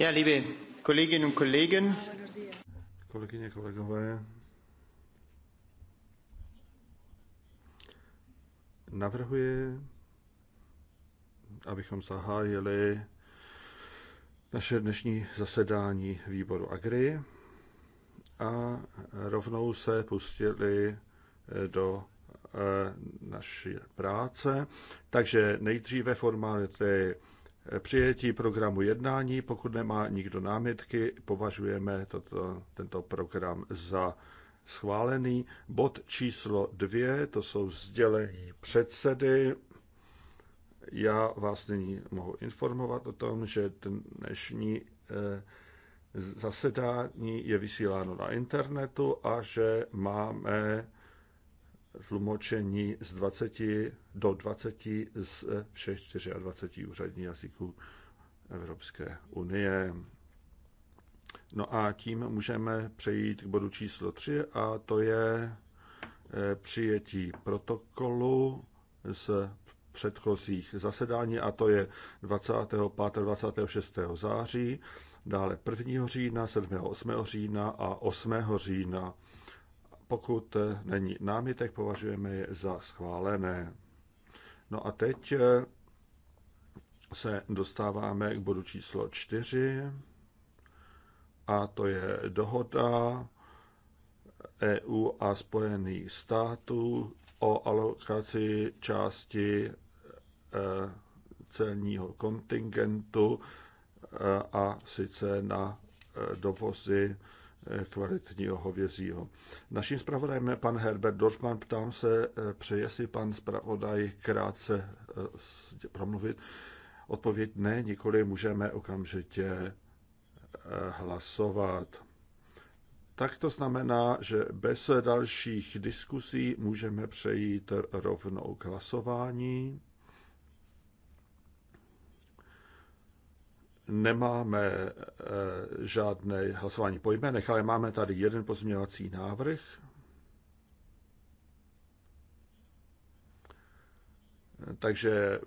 Ja, liebe Kolleginnen und Kollegen. Kolegyně, kolegové. Navrhuji, abychom zahájili naše dnešní zasedání výboru Agri a rovnou se pustili do eh, naší práce. Takže nejdříve formality přijetí programu jednání. Pokud nemá nikdo námitky, považujeme toto, tento program za schválený. Bod číslo dvě, to jsou sdělení předsedy. Já vás nyní mohu informovat o tom, že dnešní eh, zasedání je vysíláno na internetu a že máme tlumočení z 20 do 20 z všech 24 úřadních jazyků Evropské unie. No a tím můžeme přejít k bodu číslo 3 a to je eh, přijetí protokolu z předchozích zasedání a to je 25. 26. září, dále 1. října, 7. 8. října a 8. října pokud není námitek, považujeme je za schválené. No a teď eh, se dostáváme k bodu číslo 4 a to je dohoda EU a Spojených států o alokaci části eh, celního kontingentu eh, a sice na dovozy kvalitního hovězího. Naším zpravodajem je pan Herbert Dorfman. Ptám se, eh, přeje si pan zpravodaj krátce eh, promluvit. Odpověď ne, nikoli můžeme okamžitě eh, hlasovat. Tak to znamená, že bez dalších diskusí můžeme přejít rovnou k hlasování. nemáme eh, žádné hlasování po jménech, ale máme tady jeden pozměňovací návrh. Takže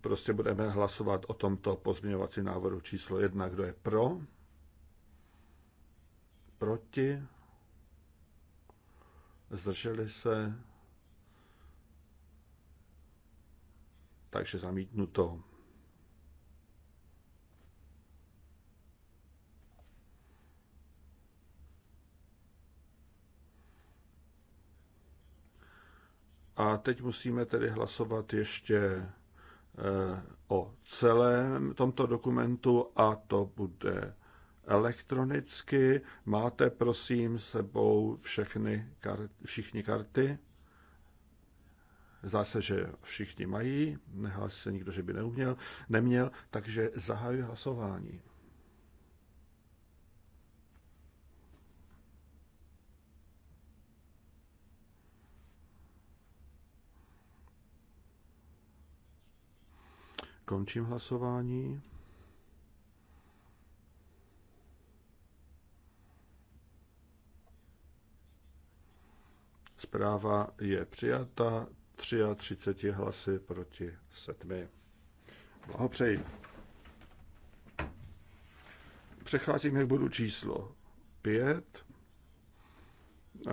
prostě budeme hlasovat o tomto pozměňovacím návrhu číslo jedna, kdo je pro, proti, zdrželi se, takže zamítnuto. A teď musíme tedy hlasovat ještě eh, o celém tomto dokumentu a to bude elektronicky. Máte, prosím, sebou všechny karty, všichni karty? Zdá se, že všichni mají, nehlásí se nikdo, že by neuměl, neměl, takže zahajuji hlasování. Končím hlasování. Zpráva je přijata 33 hlasy proti 7. Blahopřeji. Přecházíme k bodu číslo 5.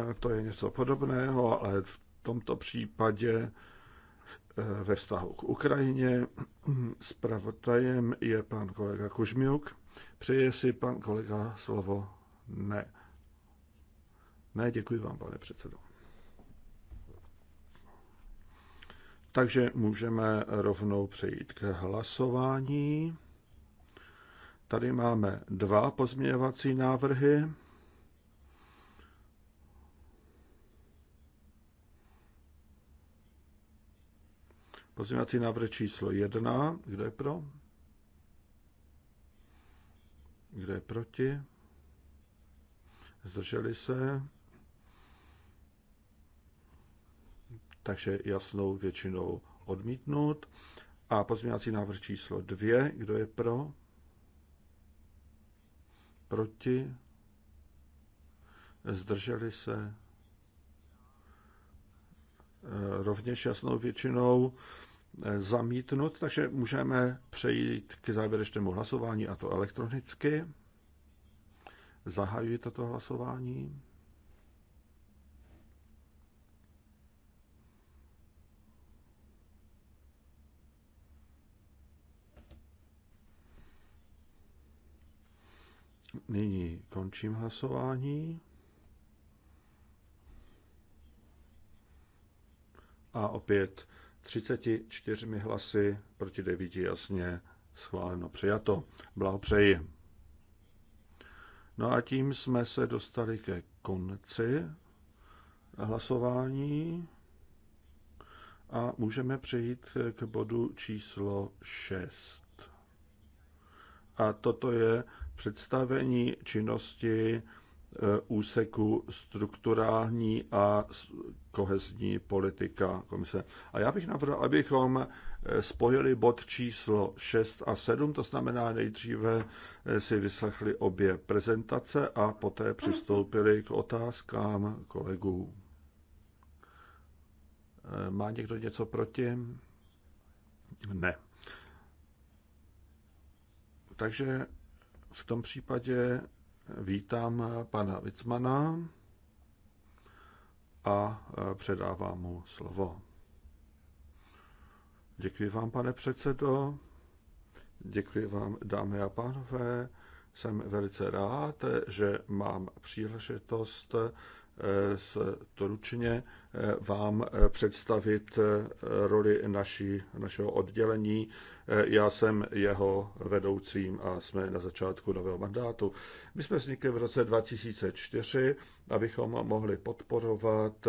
E, to je něco podobného, ale v tomto případě Eh, ve vztahu k Ukrajině. Spravodajem je pan kolega Kužmiuk. Přeje si pan kolega slovo? Ne. Ne, děkuji vám, pane předsedo. Takže můžeme rovnou přejít k hlasování. Tady máme dva pozměňovací návrhy. Pozměňovací návrh číslo 1. Kdo je pro? Kdo je proti? Zdrželi se? Takže jasnou většinou odmítnout. A pozměňovací návrh číslo 2. Kdo je pro? Proti? Zdrželi se? Eh, rovněž jasnou většinou eh, zamítnut, takže můžeme přejít k závěrečnému hlasování a to elektronicky. Zahajuji toto hlasování. Nyní končím hlasování. a opět 34 hlasy proti 9 jasně schváleno přijato. Blahopřeji. No a tím jsme se dostali ke konci hlasování a můžeme přejít k bodu číslo 6. A toto je představení činnosti Eh, úseku strukturální a kohezní politika komise. A já bych navrhl, abychom eh, spojili bod číslo 6 a 7, to znamená nejdříve eh, si vyslechli obě prezentace a poté přistoupili k otázkám kolegů. Má někdo něco proti? Ne. Takže v tom případě Vítám pana Vicmana a e, předávám mu slovo. Děkuji vám, pane předsedo. Děkuji vám, dámy a pánové. Jsem velice rád, že mám příležitost stručně eh, vám eh, představit eh, roli naší, našeho oddělení. Já jsem jeho vedoucím a jsme na začátku nového mandátu. My jsme vznikli v roce 2004, abychom mohli podporovat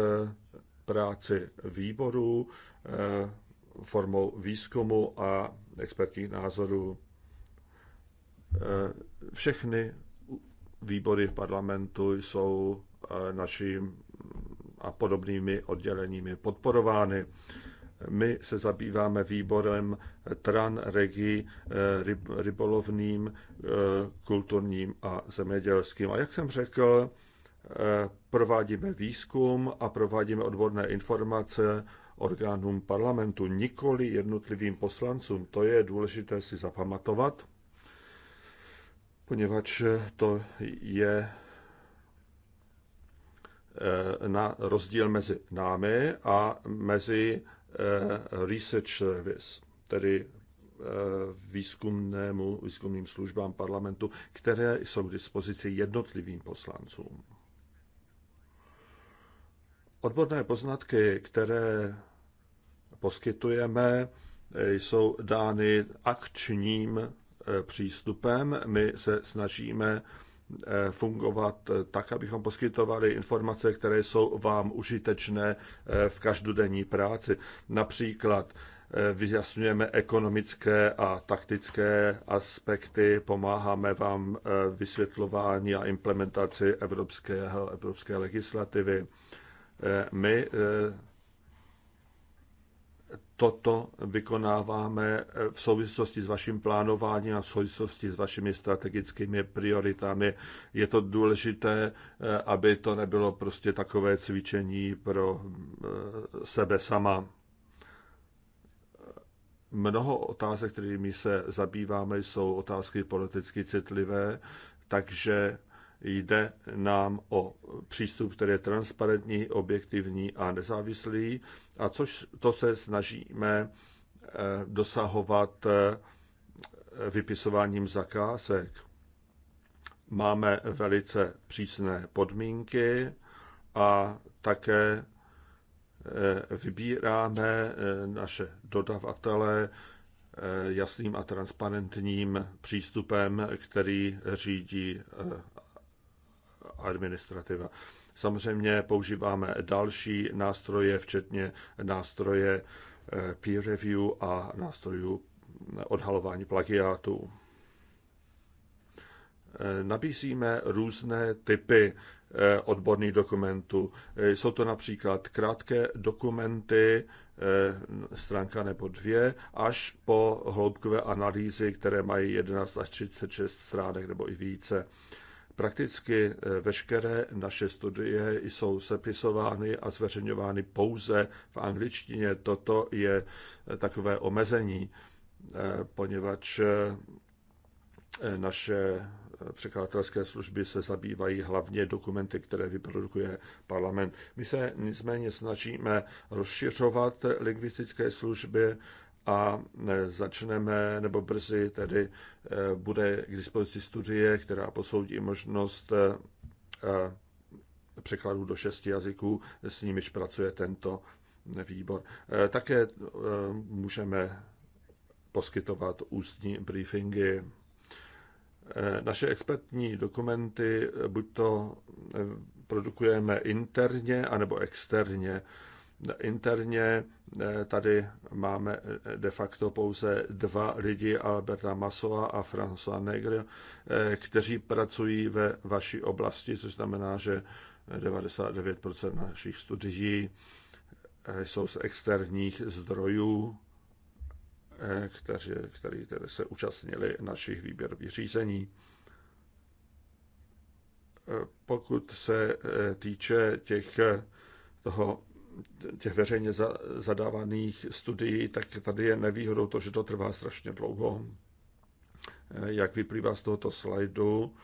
práci výborů formou výzkumu a expertních názorů. Všechny výbory v parlamentu jsou Eh, naším a podobnými odděleními podporovány. My se zabýváme výborem TRAN, REGI, eh, rybolovným, eh, kulturním a zemědělským. A jak jsem řekl, provádíme výzkum a provádíme odborné informace orgánům parlamentu, nikoli jednotlivým poslancům. To je důležité si zapamatovat, poněvadž to je Eh, na rozdíl mezi námi a mezi eh, Research Service, tedy eh, výzkumnému, výzkumným službám parlamentu, které jsou k dispozici jednotlivým poslancům. Odborné poznatky, které poskytujeme, jsou dány akčním přístupem. My se snažíme Eh, fungovat eh, tak, abychom poskytovali informace, které jsou vám užitečné eh, v každodenní práci. Například vyjasňujeme ekonomické a taktické aspekty, pomáháme vám vysvětlování a implementaci evropského, evropské legislativy. My toto vykonáváme v souvislosti s vaším plánováním a v souvislosti s vašimi strategickými prioritami. Je to důležité, eh, aby to nebylo prostě takové cvičení pro eh, sebe sama. Mnoho otázek, kterými se zabýváme, jsou otázky politicky citlivé, takže Jde nám o přístup, který je transparentní, objektivní a nezávislý, a což to se snažíme eh, dosahovat eh, vypisováním zakázek. Máme velice přísné podmínky a také eh, vybíráme naše dodavatele jasným a transparentním přístupem, který řídí administrativa. Samozřejmě používáme další nástroje, včetně nástroje eh, peer review a nástrojů odhalování plagiátů. Eh, nabízíme různé typy eh, odborných dokumentů. Jsou to například krátké dokumenty, stránka nebo dvě, až po hloubkové analýzy, které mají 11 až 36 stránek nebo i více. Prakticky eh, veškeré naše studie jsou sepisovány a zveřejňovány pouze v angličtině. Toto je eh, takové omezení, eh, poněvadž naše překladatelské služby se zabývají hlavně dokumenty, které vyprodukuje parlament. My se nicméně snažíme rozšiřovat lingvistické služby a e, začneme, nebo brzy tedy e, bude k dispozici studie, která posoudí možnost e, překladu do šesti jazyků, s nimiž pracuje tento výbor. Také můžeme poskytovat ústní briefingy. Naše expertní dokumenty buď to produkujeme interně, anebo externě. Interně eh, tady máme eh, de facto pouze dva lidi, Alberta Masova a François Negre, eh, kteří pracují ve vaší oblasti, což znamená, že 99% našich studií jsou z externích zdrojů, kteří, kteří tedy se účastnili našich výběrových řízení. Pokud se týče těch toho těch veřejně zadávaných studií, tak tady je nevýhodou to, že to trvá strašně dlouho. Eh, jak vyplývá z tohoto slajdu,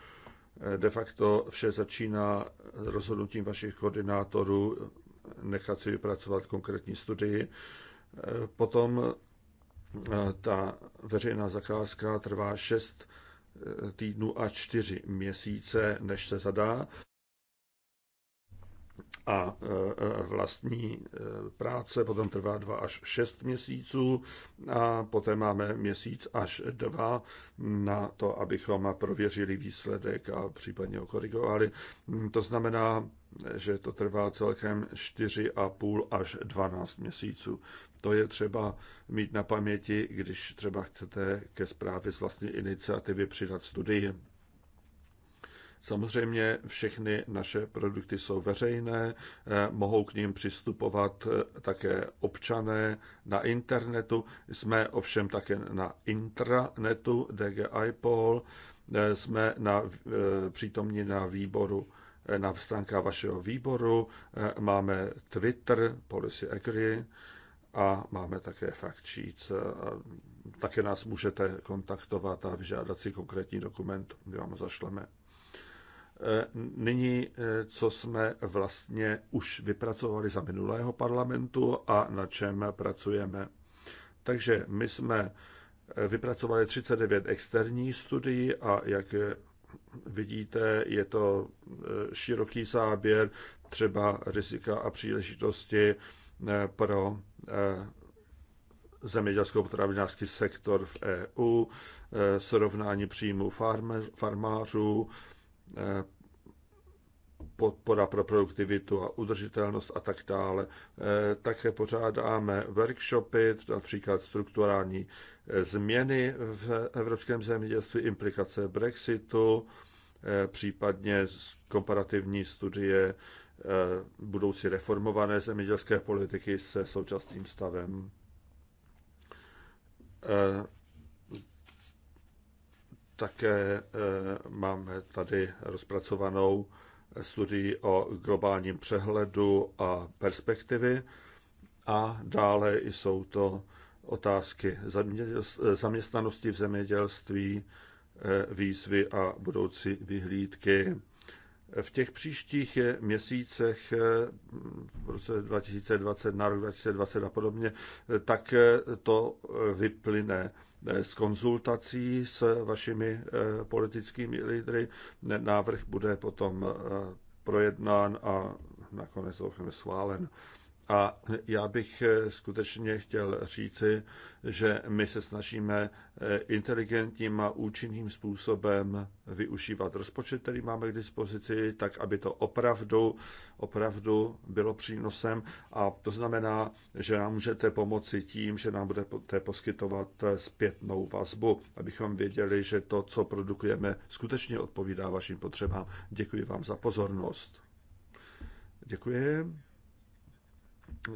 eh, de facto vše začíná rozhodnutím vašich koordinátorů eh, nechat si vypracovat konkrétní studii. Potom ta veřejná zakázka trvá 6 týdnů a 4 měsíce, než se zadá a e, e, vlastní e, práce potom trvá 2 až 6 měsíců a poté máme měsíc až dva na to, abychom prověřili výsledek a případně ho korigovali. Hmm, to znamená, že to trvá celkem 4,5 až 12 měsíců. To je třeba mít na paměti, když třeba chcete ke zprávě z vlastní iniciativy přidat studii. Samozřejmě všechny naše produkty jsou veřejné, eh, mohou k ním přistupovat eh, také občané na internetu. Jsme ovšem také na intranetu DGIPOL, eh, jsme na, přítomni na výboru na stránka vašeho výboru, máme Twitter, Policy Agri, a máme také fakt sheets. Také nás můžete kontaktovat a vyžádat si konkrétní dokument, my vám ho zašleme. Eh, nyní, eh, co jsme vlastně už vypracovali za minulého parlamentu a na čem pracujeme. Takže my jsme eh, vypracovali 39 externích studií a jak vidíte, je to široký záběr třeba rizika a příležitosti pro zemědělsko-potravinářský sektor v EU, srovnání příjmů farmářů, Eh, podpora pro produktivitu a udržitelnost a tak dále. Eh, také pořádáme workshopy, například strukturální eh, změny v evropském zemědělství, implikace Brexitu, případně komparativní studie budoucí reformované zemědělské politiky se současným stavem. Také eh, máme tady rozpracovanou studii o globálním přehledu a perspektivy. A dále jsou to otázky zaměstnanosti v zemědělství, eh, výzvy a budoucí vyhlídky. V těch příštích eh, měsících v roce 2020, na rok 2020 a podobně, tak to vyplyne s konzultací s vašimi eh, politickými lídry. Návrh bude potom eh, projednán a nakonec doufám schválen. A já bych eh, skutečně chtěl říci, že my se snažíme eh, inteligentním a účinným způsobem využívat rozpočet, který máme k dispozici, tak, aby to opravdu, opravdu bylo přínosem. A to znamená, že nám můžete pomoci tím, že nám budete poskytovat eh, zpětnou vazbu, abychom věděli, že to, co produkujeme, skutečně odpovídá vašim potřebám. Děkuji vám za pozornost. Děkuji.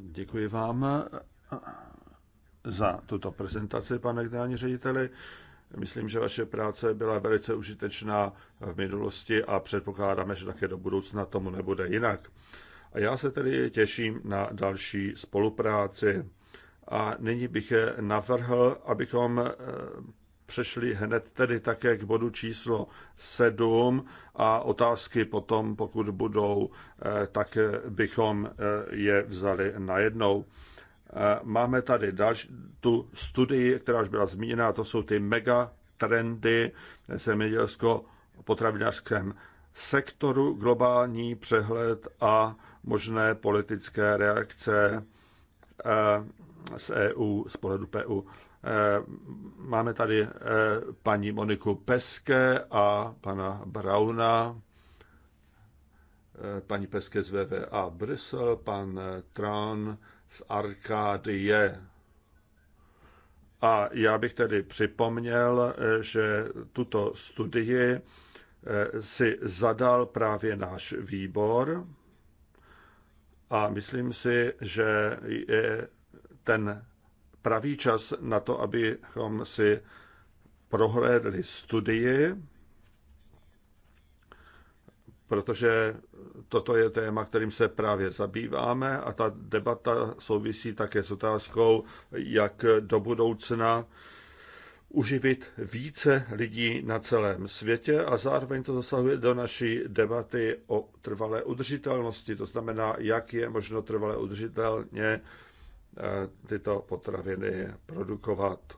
Děkuji vám za tuto prezentaci, pane generální řediteli. Myslím, že vaše práce byla velice užitečná v minulosti a předpokládáme, že také do budoucna tomu nebude jinak. A já se tedy těším na další spolupráci. A nyní bych navrhl, abychom eh, přešli hned tedy také k bodu číslo 7 a otázky potom, pokud budou, eh, tak eh, bychom eh, je vzali najednou. Máme tady další, tu studii, která už byla zmíněna, to jsou ty mega trendy zemědělsko-potravinářském sektoru, globální přehled a možné politické reakce z EU, z pohledu PU. E Eh, máme tady eh, paní Moniku Peske a pana Brauna, eh, paní Peske z VVA Brusel, pan Tran z Arkádie. A já bych tedy připomněl, že tuto studii si zadal právě náš výbor a myslím si, že je ten pravý čas na to, abychom si prohlédli studii, protože toto je téma, kterým se právě zabýváme a ta debata souvisí také s otázkou, jak do budoucna uživit více lidí na celém světě a zároveň to zasahuje do naší debaty o trvalé udržitelnosti, to znamená, jak je možno trvalé udržitelně Eh, tyto potraviny produkovat.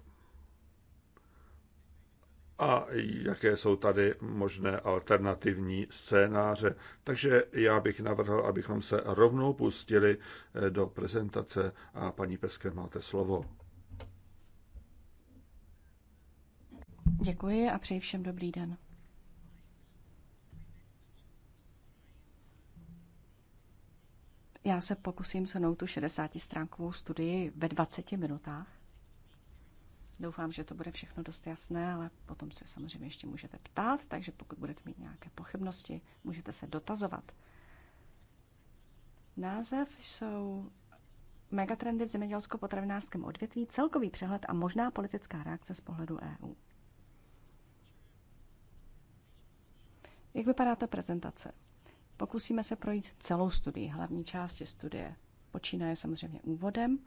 A jaké jsou tady možné alternativní scénáře. Takže já bych navrhl, abychom se rovnou pustili eh, do prezentace a paní Peské máte slovo. Děkuji a přeji všem dobrý den. Já se pokusím shrnout tu 60-stránkovou studii ve 20 minutách. Doufám, že to bude všechno dost jasné, ale potom se samozřejmě ještě můžete ptát, takže pokud budete mít nějaké pochybnosti, můžete se dotazovat. Název jsou Megatrendy v zemědělsko-potravinářském odvětví, celkový přehled a možná politická reakce z pohledu EU. Jak vypadá ta prezentace? Pokusíme se projít celou studii, hlavní části studie. Počínaje samozřejmě úvodem,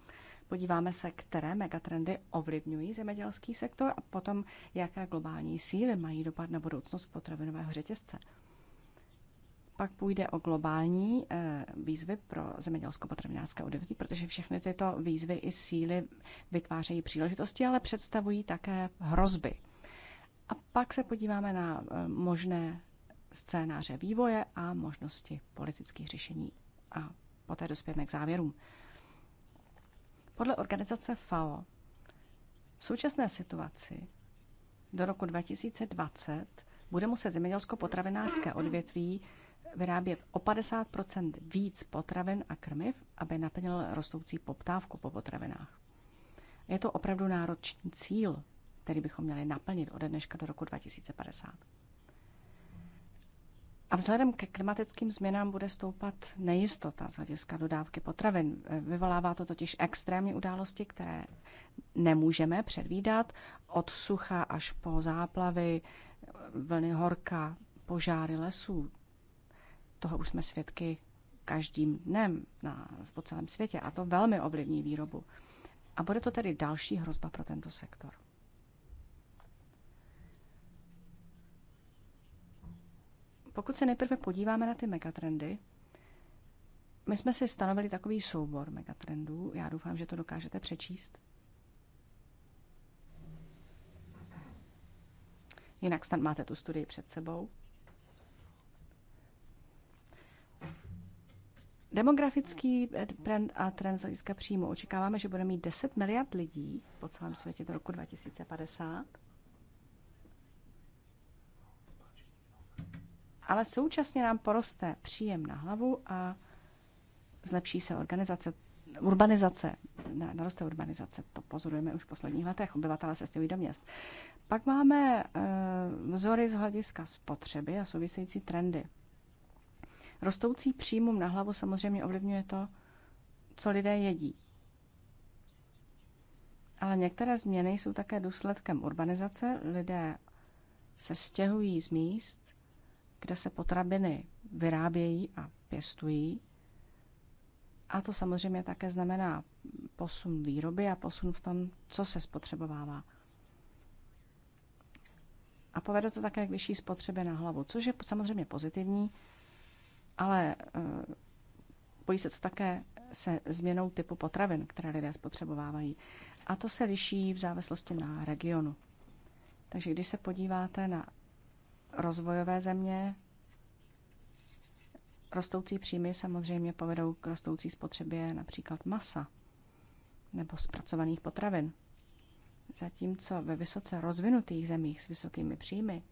podíváme se, které megatrendy ovlivňují zemědělský sektor a potom, jaké globální síly mají dopad na budoucnost potravinového řetězce. Pak půjde o globální eh, výzvy pro zemědělsko-potravinářské odvětví, protože všechny tyto výzvy i síly vytvářejí příležitosti, ale představují také hrozby. A pak se podíváme na eh, možné scénáře vývoje a možnosti politických řešení a poté dospějeme k závěrům. Podle organizace FAO v současné situaci do roku 2020 bude muset zemědělsko-potravinářské odvětví vyrábět o 50 víc potravin a krmiv, aby naplnil rostoucí poptávku po potravinách. Je to opravdu náročný cíl, který bychom měli naplnit ode dneška do roku 2050. A vzhledem ke klimatickým změnám bude stoupat nejistota z hlediska dodávky potravin. Vyvolává to totiž extrémní události, které nemůžeme předvídat, od sucha až po záplavy, vlny horka, požáry lesů. Toho už jsme svědky každým dnem na, po celém světě a to velmi ovlivní výrobu. A bude to tedy další hrozba pro tento sektor. Pokud se nejprve podíváme na ty megatrendy, my jsme si stanovili takový soubor megatrendů. Já doufám, že to dokážete přečíst. Jinak snad máte tu studii před sebou. Demografický trend a trend z hlediska příjmu. Očekáváme, že bude mít 10 miliard lidí po celém světě do roku 2050. ale současně nám poroste příjem na hlavu a zlepší se organizace, urbanizace, naroste urbanizace, to pozorujeme už v posledních letech, obyvatelé se stěhují do měst. Pak máme eh, vzory z hlediska spotřeby a související trendy. Rostoucí příjmům na hlavu samozřejmě ovlivňuje to, co lidé jedí. Ale některé změny jsou také důsledkem urbanizace. Lidé se stěhují z míst kde se potraviny vyrábějí a pěstují. A to samozřejmě také znamená posun výroby a posun v tom, co se spotřebovává. A povede to také k vyšší spotřebě na hlavu, což je samozřejmě pozitivní, ale pojí eh, se to také se změnou typu potravin, které lidé spotřebovávají. A to se liší v závislosti na regionu. Takže když se podíváte na rozvojové země. Rostoucí příjmy samozřejmě povedou k rostoucí spotřebě například masa nebo zpracovaných potravin. Zatímco ve vysoce rozvinutých zemích s vysokými příjmy,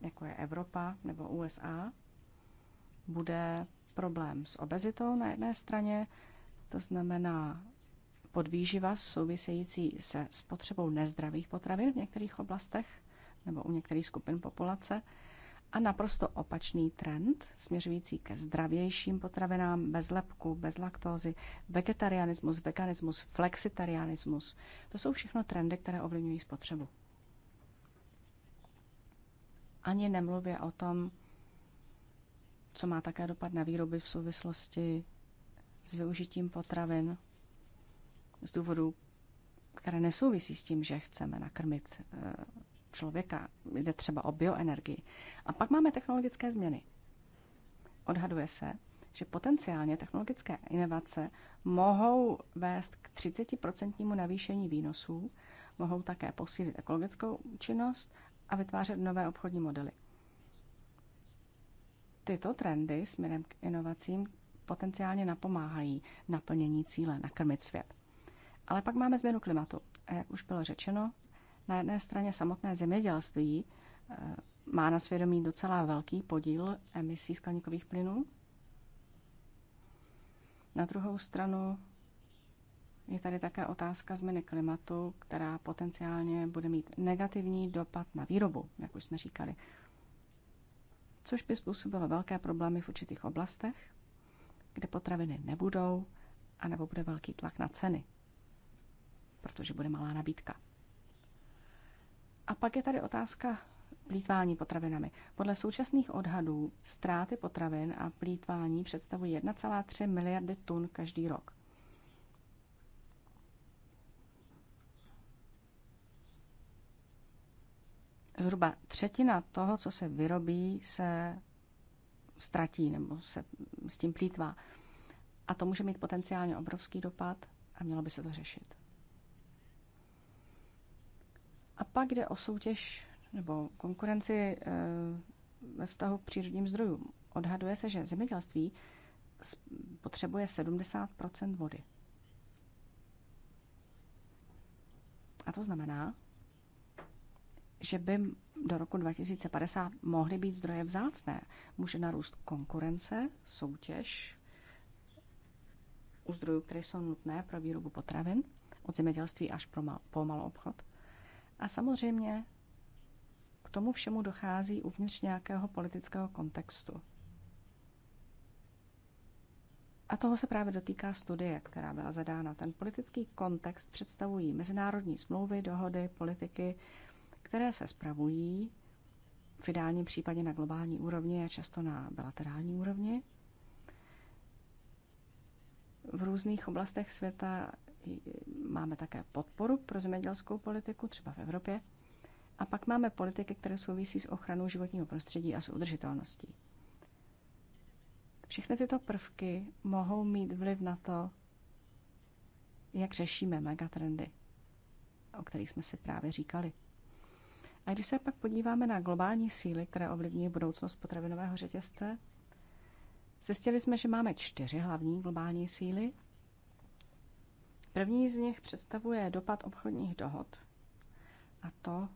jako je Evropa nebo USA, bude problém s obezitou na jedné straně, to znamená podvýživa související se spotřebou nezdravých potravin v některých oblastech, nebo u některých skupin populace a naprosto opačný trend směřující ke zdravějším potravinám bez lepku, bez laktózy, vegetarianismus, veganismus, flexitarianismus. To jsou všechno trendy, které ovlivňují spotřebu. Ani nemluvě o tom, co má také dopad na výroby v souvislosti s využitím potravin z důvodu, které nesouvisí s tím, že chceme nakrmit eh, člověka. Jde třeba o bioenergii. A pak máme technologické změny. Odhaduje se, že potenciálně technologické inovace mohou vést k 30% navýšení výnosů, mohou také posílit ekologickou činnost a vytvářet nové obchodní modely. Tyto trendy směrem k inovacím potenciálně napomáhají naplnění cíle nakrmit svět. Ale pak máme změnu klimatu. A jak už bylo řečeno, na jedné straně samotné zemědělství eh, má na svědomí docela velký podíl emisí skleníkových plynů. Na druhou stranu je tady také otázka změny klimatu, která potenciálně bude mít negativní dopad na výrobu, jak už jsme říkali, což by způsobilo velké problémy v určitých oblastech, kde potraviny nebudou, anebo bude velký tlak na ceny, protože bude malá nabídka. A pak je tady otázka plítvání potravinami. Podle současných odhadů ztráty potravin a plítvání představují 1,3 miliardy tun každý rok. Zhruba třetina toho, co se vyrobí, se ztratí nebo se s tím plítvá. A to může mít potenciálně obrovský dopad a mělo by se to řešit. A pak jde o soutěž nebo konkurenci eh, ve vztahu k přírodním zdrojům. Odhaduje se, že zemědělství potřebuje 70 vody. A to znamená, že by do roku 2050 mohly být zdroje vzácné. Může narůst konkurence, soutěž u zdrojů, které jsou nutné pro výrobu potravin, od zemědělství až pro po malou obchod. A samozřejmě k tomu všemu dochází uvnitř nějakého politického kontextu. A toho se právě dotýká studie, která byla zadána. Ten politický kontext představují mezinárodní smlouvy, dohody, politiky, které se spravují v ideálním případě na globální úrovni a často na bilaterální úrovni. V různých oblastech světa Máme také podporu pro zemědělskou politiku, třeba v Evropě. A pak máme politiky, které souvisí s ochranou životního prostředí a s udržitelností. Všechny tyto prvky mohou mít vliv na to, jak řešíme megatrendy, o kterých jsme si právě říkali. A když se pak podíváme na globální síly, které ovlivní budoucnost potravinového řetězce, zjistili jsme, že máme čtyři hlavní globální síly První z nich představuje dopad obchodních dohod a to,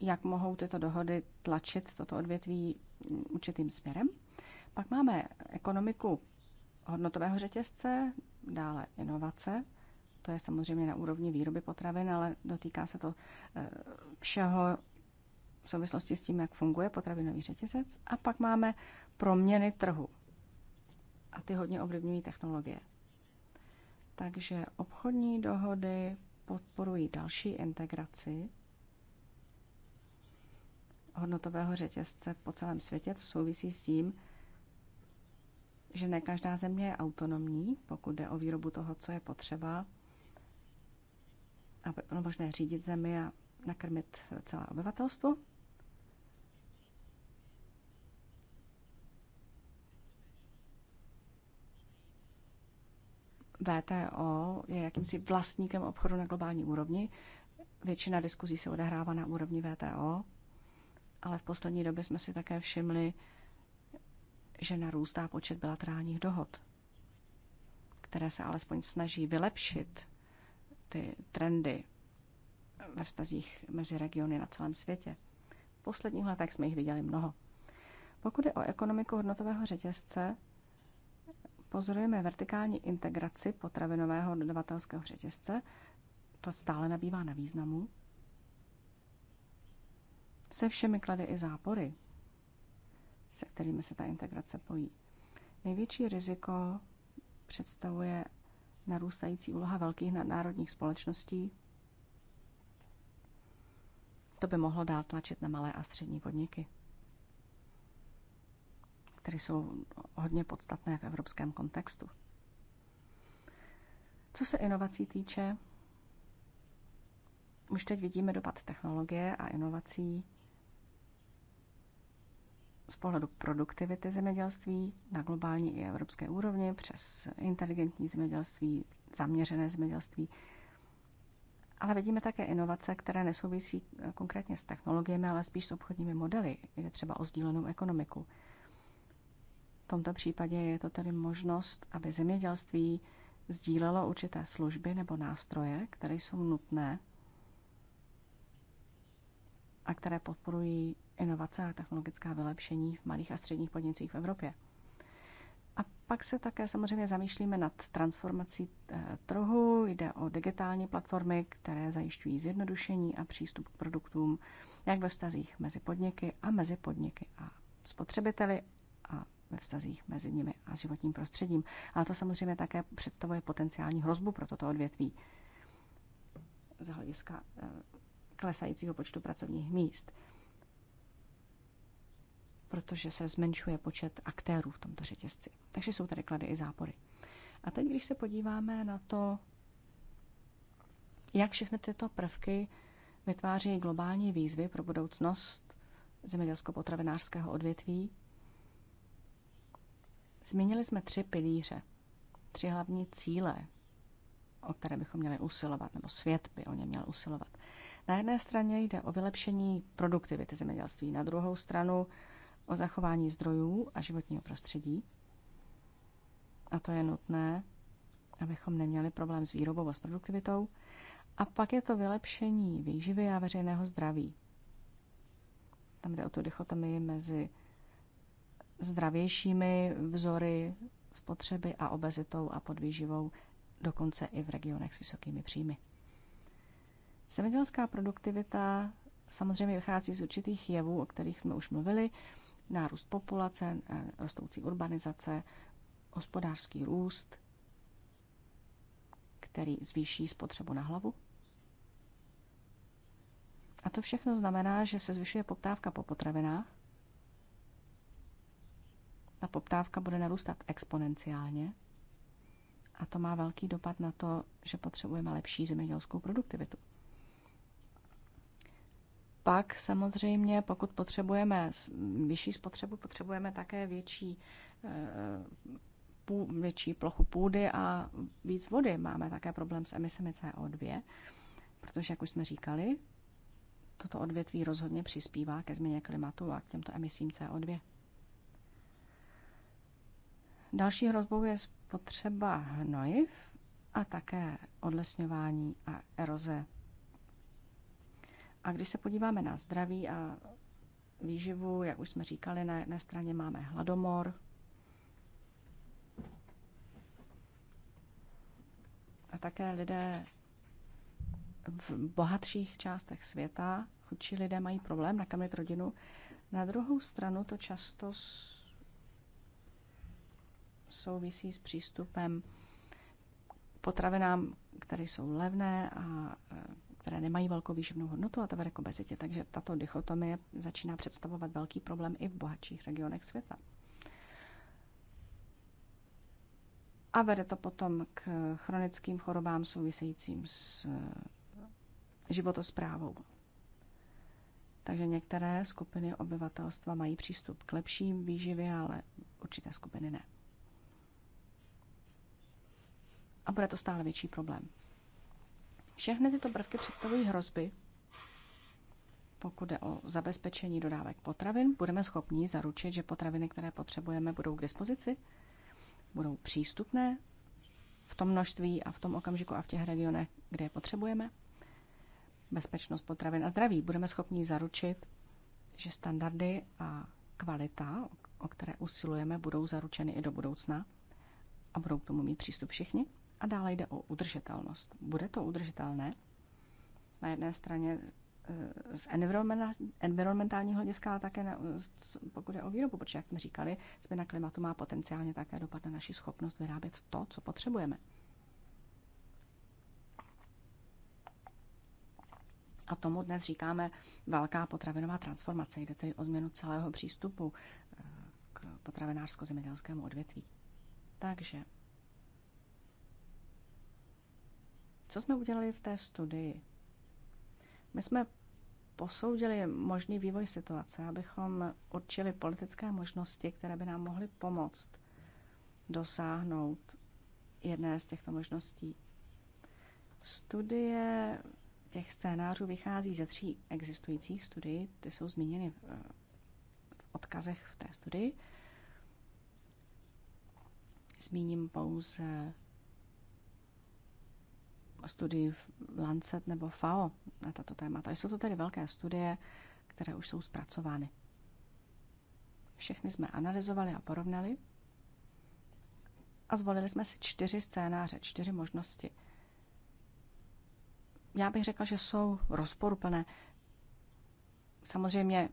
jak mohou tyto dohody tlačit toto odvětví určitým směrem. Pak máme ekonomiku hodnotového řetězce, dále inovace, to je samozřejmě na úrovni výroby potravin, ale dotýká se to eh, všeho v souvislosti s tím, jak funguje potravinový řetězec. A pak máme proměny trhu. A ty hodně ovlivňují technologie. Takže obchodní dohody podporují další integraci hodnotového řetězce po celém světě. To souvisí s tím, že ne každá země je autonomní, pokud jde o výrobu toho, co je potřeba, aby bylo možné řídit zemi a nakrmit celé obyvatelstvo. VTO je jakýmsi vlastníkem obchodu na globální úrovni. Většina diskuzí se odehrává na úrovni VTO, ale v poslední době jsme si také všimli, že narůstá počet bilaterálních dohod, které se alespoň snaží vylepšit ty trendy ve vztazích mezi regiony na celém světě. V posledních letech jsme jich viděli mnoho. Pokud je o ekonomiku hodnotového řetězce, pozorujeme vertikální integraci potravinového dodavatelského řetězce. To stále nabývá na významu. Se všemi klady i zápory, se kterými se ta integrace pojí. Největší riziko představuje narůstající úloha velkých nadnárodních společností. To by mohlo dál tlačit na malé a střední podniky které jsou hodně podstatné v evropském kontextu. Co se inovací týče, už teď vidíme dopad technologie a inovací z pohledu produktivity zemědělství na globální i evropské úrovni přes inteligentní zemědělství, zaměřené zemědělství. Ale vidíme také inovace, které nesouvisí konkrétně s technologiemi, ale spíš s obchodními modely. Jde třeba o sdílenou ekonomiku. V tomto případě je to tedy možnost, aby zemědělství sdílelo určité služby nebo nástroje, které jsou nutné a které podporují inovace a technologická vylepšení v malých a středních podnicích v Evropě. A pak se také samozřejmě zamýšlíme nad transformací eh, trhu. Jde o digitální platformy, které zajišťují zjednodušení a přístup k produktům, jak ve vztazích mezi podniky a mezi podniky a spotřebiteli a ve vztazích mezi nimi a životním prostředím. A to samozřejmě také představuje potenciální hrozbu pro toto odvětví z hlediska eh, klesajícího počtu pracovních míst, protože se zmenšuje počet aktérů v tomto řetězci. Takže jsou tady klady i zápory. A teď, když se podíváme na to, jak všechny tyto prvky vytváří globální výzvy pro budoucnost zemědělsko-potravinářského odvětví, Zmínili jsme tři pilíře, tři hlavní cíle, o které bychom měli usilovat, nebo svět by o ně měl usilovat. Na jedné straně jde o vylepšení produktivity zemědělství, na druhou stranu o zachování zdrojů a životního prostředí. A to je nutné, abychom neměli problém s výrobou a s produktivitou. A pak je to vylepšení výživy a veřejného zdraví. Tam jde o tu dichotomii mezi zdravějšími vzory spotřeby a obezitou a podvýživou, dokonce i v regionech s vysokými příjmy. Zemědělská produktivita samozřejmě vychází z určitých jevů, o kterých jsme už mluvili, nárůst populace, eh, rostoucí urbanizace, hospodářský růst, který zvýší spotřebu na hlavu. A to všechno znamená, že se zvyšuje poptávka po potravinách, ta poptávka bude narůstat exponenciálně a to má velký dopad na to, že potřebujeme lepší zemědělskou produktivitu. Pak samozřejmě, pokud potřebujeme vyšší spotřebu, potřebujeme také větší, eh, pů, větší plochu půdy a víc vody. Máme také problém s emisemi CO2, protože, jak už jsme říkali, toto odvětví rozhodně přispívá ke změně klimatu a k těmto emisím CO2. Další hrozbou je spotřeba hnojiv a také odlesňování a eroze. A když se podíváme na zdraví a výživu, jak už jsme říkali, na jedné straně máme hladomor, a také lidé v bohatších částech světa, chudší lidé mají problém nakrmit rodinu. Na druhou stranu to často souvisí s přístupem k potravinám, které jsou levné a e, které nemají velkou výživnou hodnotu a to vede k obezitě. Takže tato dichotomie začíná představovat velký problém i v bohatších regionech světa. A vede to potom k chronickým chorobám souvisejícím s e, životosprávou. Takže některé skupiny obyvatelstva mají přístup k lepším výživě, ale určité skupiny ne. a bude to stále větší problém. Všechny tyto prvky představují hrozby. Pokud jde o zabezpečení dodávek potravin, budeme schopni zaručit, že potraviny, které potřebujeme, budou k dispozici, budou přístupné v tom množství a v tom okamžiku a v těch regionech, kde je potřebujeme. Bezpečnost potravin a zdraví budeme schopni zaručit, že standardy a kvalita, o které usilujeme, budou zaručeny i do budoucna a budou k tomu mít přístup všichni. A dále jde o udržitelnost. Bude to udržitelné? Na jedné straně eh, z environmentálního hlediska, ale také na, pokud je o výrobu, protože, jak jsme říkali, změna klimatu má potenciálně také dopad na naši schopnost vyrábět to, co potřebujeme. A tomu dnes říkáme velká potravinová transformace. Jde tedy o změnu celého přístupu eh, k potravinářsko-zemědělskému odvětví. Takže Co jsme udělali v té studii? My jsme posoudili možný vývoj situace, abychom určili politické možnosti, které by nám mohly pomoct dosáhnout jedné z těchto možností. Studie těch scénářů vychází ze tří existujících studií, ty jsou zmíněny v, v odkazech v té studii. Zmíním pouze studii v Lancet nebo FAO na tato témata. Jsou to tedy velké studie, které už jsou zpracovány. Všechny jsme analyzovali a porovnali a zvolili jsme si čtyři scénáře, čtyři možnosti. Já bych řekla, že jsou rozporuplné. Samozřejmě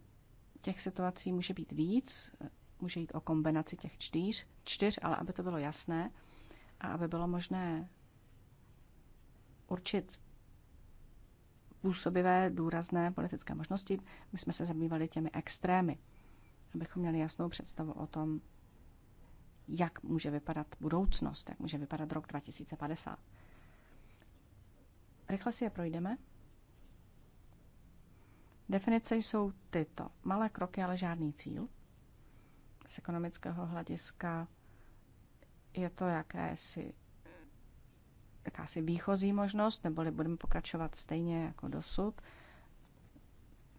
těch situací může být víc, může jít o kombinaci těch čtyř, čtyř, ale aby to bylo jasné a aby bylo možné určit působivé, důrazné politické možnosti. My jsme se zabývali těmi extrémy, abychom měli jasnou představu o tom, jak může vypadat budoucnost, jak může vypadat rok 2050. Rychle si je projdeme. Definice jsou tyto. Malé kroky, ale žádný cíl. Z ekonomického hlediska je to jakési jakási výchozí možnost, neboli budeme pokračovat stejně jako dosud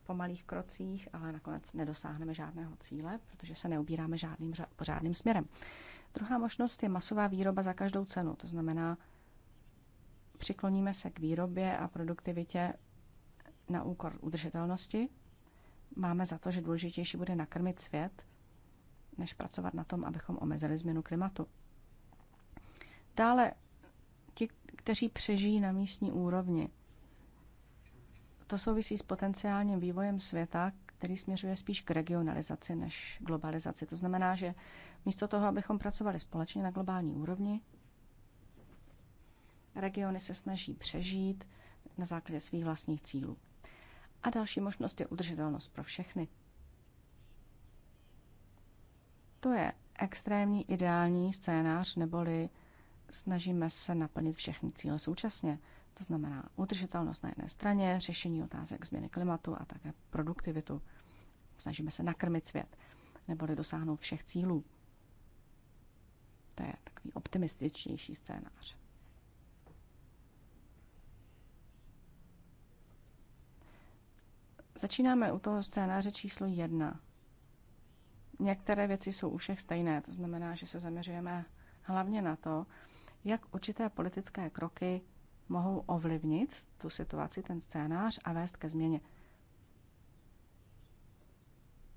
po malých krocích, ale nakonec nedosáhneme žádného cíle, protože se neubíráme žádným pořádným směrem. Druhá možnost je masová výroba za každou cenu, to znamená, přikloníme se k výrobě a produktivitě na úkor udržitelnosti. Máme za to, že důležitější bude nakrmit svět, než pracovat na tom, abychom omezili změnu klimatu. Dále kteří přežijí na místní úrovni. To souvisí s potenciálním vývojem světa, který směřuje spíš k regionalizaci než globalizaci. To znamená, že místo toho, abychom pracovali společně na globální úrovni, regiony se snaží přežít na základě svých vlastních cílů. A další možnost je udržitelnost pro všechny. To je extrémní ideální scénář neboli snažíme se naplnit všechny cíle současně. To znamená udržitelnost na jedné straně, řešení otázek změny klimatu a také produktivitu. Snažíme se nakrmit svět, neboli dosáhnout všech cílů. To je takový optimističnější scénář. Začínáme u toho scénáře číslo jedna. Některé věci jsou u všech stejné, to znamená, že se zaměřujeme hlavně na to, jak určité politické kroky mohou ovlivnit tu situaci, ten scénář a vést ke změně.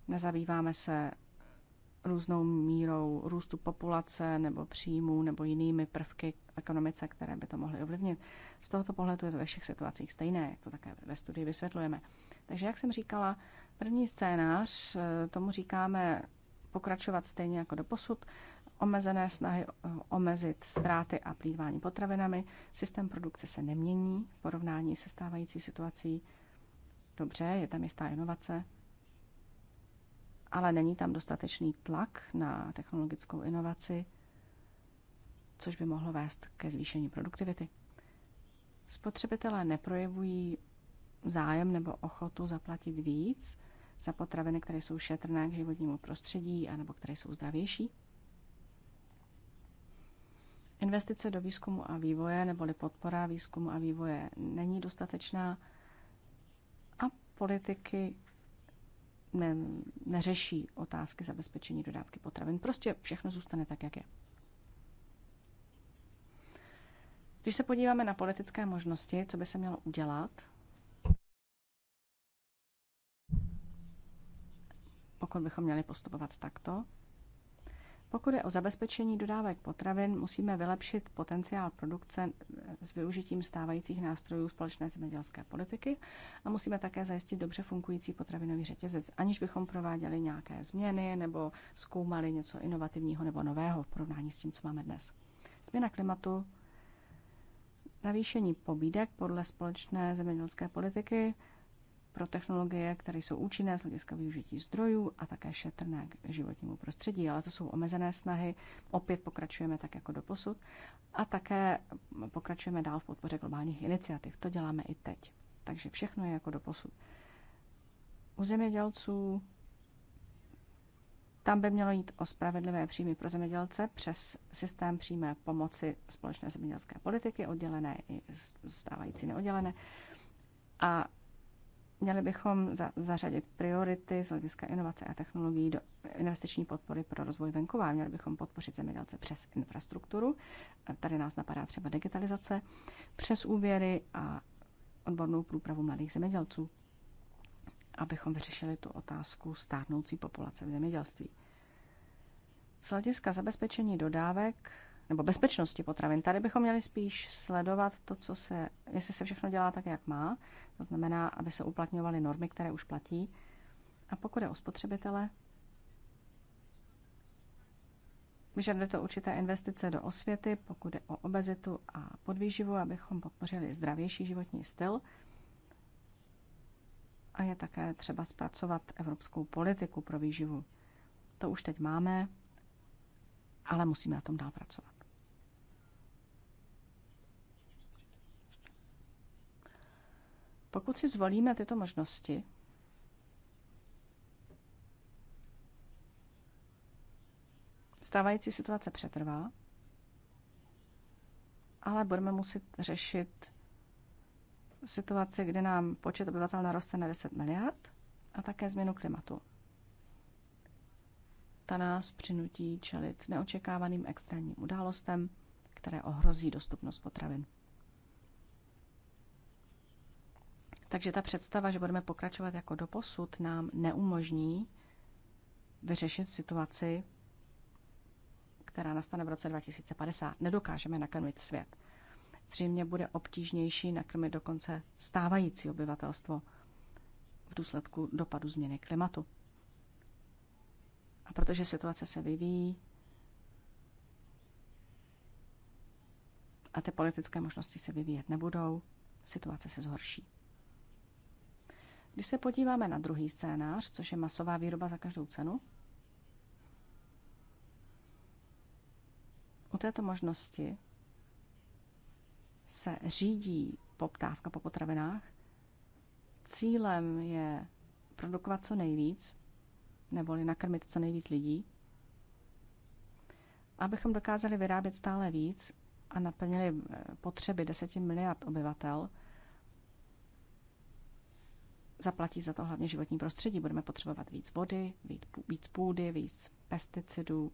Nezabýváme se různou mírou růstu populace nebo příjmů nebo jinými prvky ekonomice, které by to mohly ovlivnit. Z tohoto pohledu je to ve všech situacích stejné, jak to také ve studii vysvětlujeme. Takže, jak jsem říkala, první scénář, eh, tomu říkáme pokračovat stejně jako do posud omezené snahy eh, omezit ztráty a plývání potravinami. Systém produkce se nemění v porovnání se stávající situací. Dobře, je tam jistá inovace, ale není tam dostatečný tlak na technologickou inovaci, což by mohlo vést ke zvýšení produktivity. Spotřebitelé neprojevují zájem nebo ochotu zaplatit víc za potraviny, které jsou šetrné k životnímu prostředí anebo které jsou zdravější. Investice do výzkumu a vývoje neboli podpora výzkumu a vývoje není dostatečná a politiky ne, neřeší otázky zabezpečení dodávky potravin. Prostě všechno zůstane tak, jak je. Když se podíváme na politické možnosti, co by se mělo udělat, pokud bychom měli postupovat takto, pokud je o zabezpečení dodávek potravin, musíme vylepšit potenciál produkce eh, s využitím stávajících nástrojů společné zemědělské politiky a musíme také zajistit dobře fungující potravinový řetězec, aniž bychom prováděli nějaké změny nebo zkoumali něco inovativního nebo nového v porovnání s tím, co máme dnes. Změna klimatu, navýšení pobídek podle společné zemědělské politiky, pro technologie, které jsou účinné z hlediska využití zdrojů a také šetrné k životnímu prostředí. Ale to jsou omezené snahy. Opět pokračujeme tak jako doposud a také pokračujeme dál v podpoře globálních iniciativ. To děláme i teď. Takže všechno je jako doposud. U zemědělců tam by mělo jít o spravedlivé příjmy pro zemědělce přes systém přímé pomoci společné zemědělské politiky, oddělené i zůstávající neoddělené. A Měli bychom za, zařadit priority z hlediska inovace a technologií do investiční podpory pro rozvoj venkova. Měli bychom podpořit zemědělce přes infrastrukturu. Tady nás napadá třeba digitalizace, přes úvěry a odbornou průpravu mladých zemědělců, abychom vyřešili tu otázku stárnoucí populace v zemědělství. Z hlediska zabezpečení dodávek nebo bezpečnosti potravin. Tady bychom měli spíš sledovat to, co se, jestli se všechno dělá tak, jak má, to znamená, aby se uplatňovaly normy, které už platí. A pokud je o spotřebitele, vyžaduje to určité investice do osvěty, pokud je o obezitu a podvýživu, abychom podpořili zdravější životní styl. A je také třeba zpracovat evropskou politiku pro výživu. To už teď máme, ale musíme na tom dál pracovat. Pokud si zvolíme tyto možnosti, stávající situace přetrvá, ale budeme muset řešit situaci, kdy nám počet obyvatel naroste na 10 miliard a také změnu klimatu. Ta nás přinutí čelit neočekávaným extrémním událostem, které ohrozí dostupnost potravin. Takže ta představa, že budeme pokračovat jako doposud, nám neumožní vyřešit situaci, která nastane v roce 2050. Nedokážeme nakrmit svět. Zřejmě bude obtížnější nakrmit dokonce stávající obyvatelstvo v důsledku dopadu změny klimatu. A protože situace se vyvíjí a ty politické možnosti se vyvíjet nebudou, situace se zhorší. Když se podíváme na druhý scénář, což je masová výroba za každou cenu, u této možnosti se řídí poptávka po potravinách. Cílem je produkovat co nejvíc, neboli nakrmit co nejvíc lidí, abychom dokázali vyrábět stále víc a naplnili eh, potřeby 10 miliard obyvatel – Zaplatí za to hlavně životní prostředí. Budeme potřebovat víc vody, víc půdy, víc pesticidů,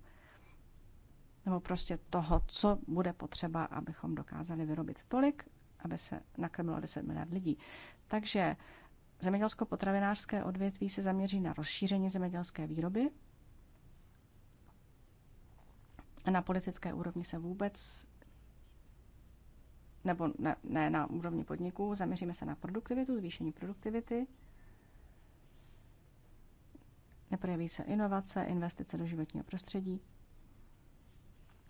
nebo prostě toho, co bude potřeba, abychom dokázali vyrobit tolik, aby se nakrmilo 10 miliard lidí. Takže zemědělsko-potravinářské odvětví se zaměří na rozšíření zemědělské výroby. Na politické úrovni se vůbec nebo ne, ne na úrovni podniků, zaměříme se na produktivitu, zvýšení produktivity, neprojeví se inovace, investice do životního prostředí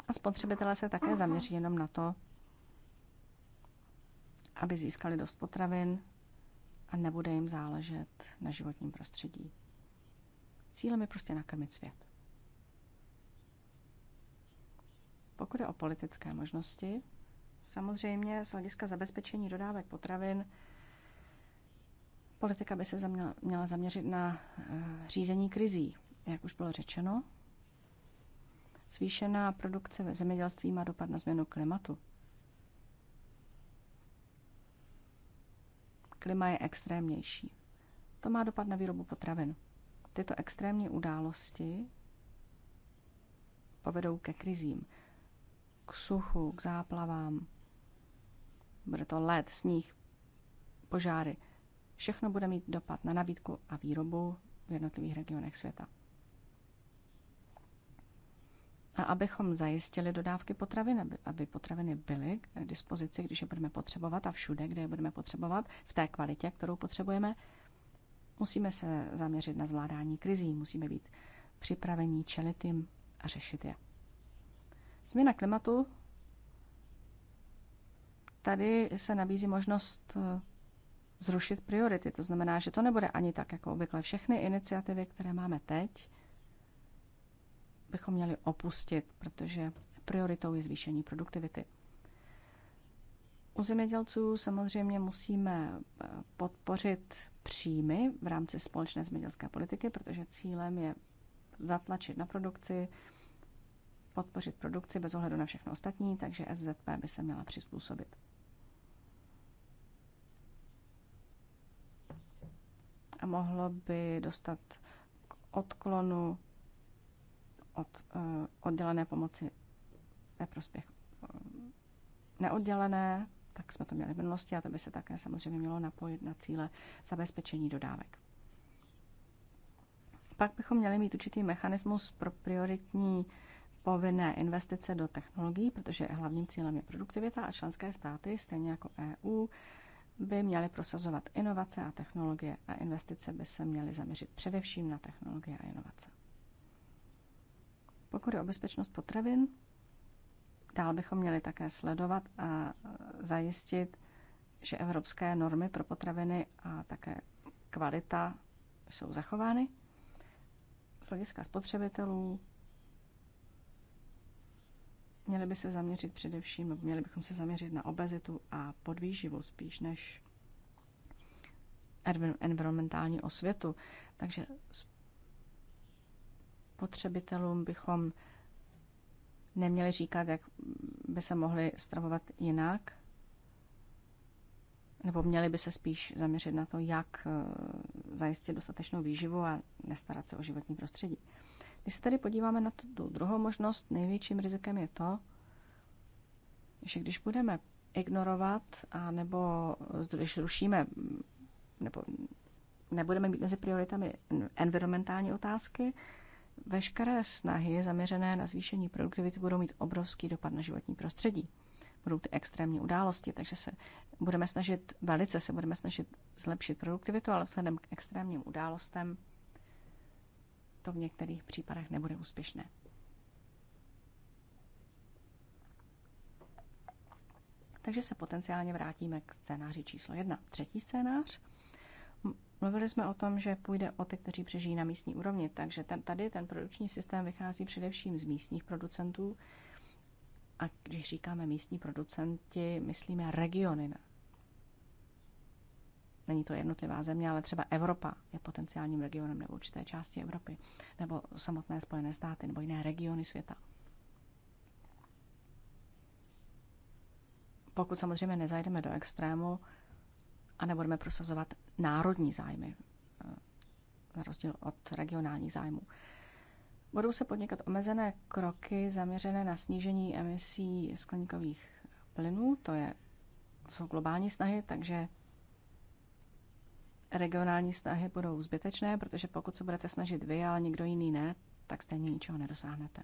a spotřebitelé se také zaměří jenom na to, aby získali dost potravin a nebude jim záležet na životním prostředí. Cílem je prostě nakrmit svět. Pokud je o politické možnosti, Samozřejmě z hlediska zabezpečení dodávek potravin politika by se zaměla, měla zaměřit na eh, řízení krizí, jak už bylo řečeno. Zvýšená produkce ve zemědělství má dopad na změnu klimatu. Klima je extrémnější. To má dopad na výrobu potravin. Tyto extrémní události povedou ke krizím k suchu, k záplavám. Bude to led, sníh, požáry. Všechno bude mít dopad na nabídku a výrobu v jednotlivých regionech světa. A abychom zajistili dodávky potravin, aby potraviny byly k dispozici, když je budeme potřebovat a všude, kde je budeme potřebovat, v té kvalitě, kterou potřebujeme, musíme se zaměřit na zvládání krizí, musíme být připravení čelit jim a řešit je. Změna klimatu. Tady se nabízí možnost eh, zrušit priority. To znamená, že to nebude ani tak, jako obvykle všechny iniciativy, které máme teď, bychom měli opustit, protože prioritou je zvýšení produktivity. U zemědělců samozřejmě musíme eh, podpořit příjmy v rámci společné zemědělské politiky, protože cílem je zatlačit na produkci, podpořit produkci bez ohledu na všechno ostatní, takže SZP by se měla přizpůsobit. A mohlo by dostat k odklonu od uh, oddělené pomoci ve prospěch eh, neoddělené, tak jsme to měli v minulosti a to by se také samozřejmě mělo napojit na cíle zabezpečení dodávek. Pak bychom měli mít určitý mechanismus pro prioritní uh, povinné investice do technologií, protože hlavním cílem je produktivita a členské státy, stejně jako EU, by měly prosazovat inovace a technologie a investice by se měly zaměřit především na technologie a inovace. Pokud je o bezpečnost potravin, dál bychom měli také sledovat a zajistit, že evropské normy pro potraviny a také kvalita jsou zachovány. Z hlediska spotřebitelů Měli by se zaměřit především, měli bychom se zaměřit na obezitu a podvýživu spíš než environmentální osvětu. Takže potřebitelům bychom neměli říkat, jak by se mohli stravovat jinak, nebo měli by se spíš zaměřit na to, jak eh, zajistit dostatečnou výživu a nestarat se o životní prostředí. Když se tady podíváme na tu druhou možnost, největším rizikem je to, že když budeme ignorovat a nebo když rušíme nebo nebudeme mít mezi prioritami environmentální otázky, veškeré snahy zaměřené na zvýšení produktivity budou mít obrovský dopad na životní prostředí. Budou ty extrémní události, takže se budeme snažit, velice se budeme snažit zlepšit produktivitu, ale vzhledem k extrémním událostem to v některých případech nebude úspěšné. Takže se potenciálně vrátíme k scénáři číslo jedna. Třetí scénář. Mluvili jsme o tom, že půjde o ty, kteří přežijí na místní úrovni, takže ten, tady ten produkční systém vychází především z místních producentů. A když říkáme místní producenti, myslíme regiony, Není to jednotlivá země, ale třeba Evropa je potenciálním regionem nebo určité části Evropy, nebo samotné Spojené státy, nebo jiné regiony světa. Pokud samozřejmě nezajdeme do extrému a nebudeme prosazovat národní zájmy, eh, na rozdíl od regionálních zájmů. Budou se podnikat omezené kroky zaměřené na snížení emisí skleníkových plynů, to je, jsou globální snahy, takže regionální snahy budou zbytečné, protože pokud se budete snažit vy, ale nikdo jiný ne, tak stejně ničeho nedosáhnete.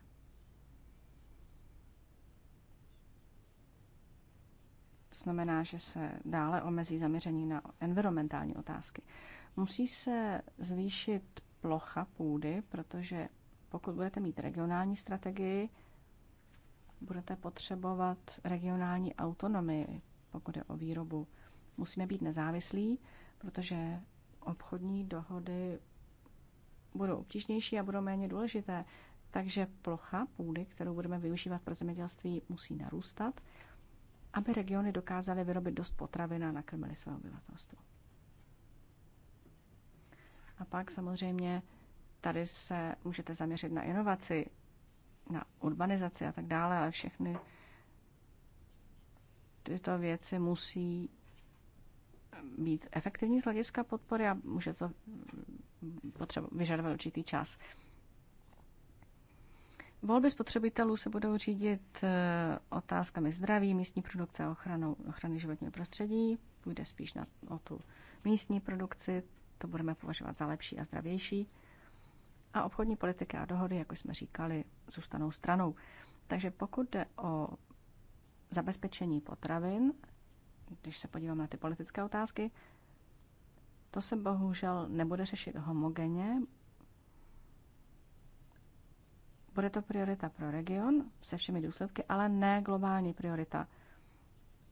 To znamená, že se dále omezí zaměření na environmentální otázky. Musí se zvýšit plocha půdy, protože pokud budete mít regionální strategii, budete potřebovat regionální autonomii, pokud je o výrobu. Musíme být nezávislí, protože obchodní dohody budou obtížnější a budou méně důležité. Takže plocha půdy, kterou budeme využívat pro zemědělství, musí narůstat, aby regiony dokázaly vyrobit dost potravin a nakrmily své obyvatelstvo. A pak samozřejmě tady se můžete zaměřit na inovaci, na urbanizaci a tak dále, ale všechny tyto věci musí být efektivní z hlediska podpory a může to potřeba, vyžadovat určitý čas. Volby spotřebitelů se budou řídit eh, otázkami zdraví, místní produkce a ochranou, ochrany životního prostředí. Půjde spíš na, o tu místní produkci, to budeme považovat za lepší a zdravější. A obchodní politika a dohody, jak už jsme říkali, zůstanou stranou. Takže pokud jde o zabezpečení potravin, když se podívám na ty politické otázky, to se bohužel nebude řešit homogenně. Bude to priorita pro region se všemi důsledky, ale ne globální priorita.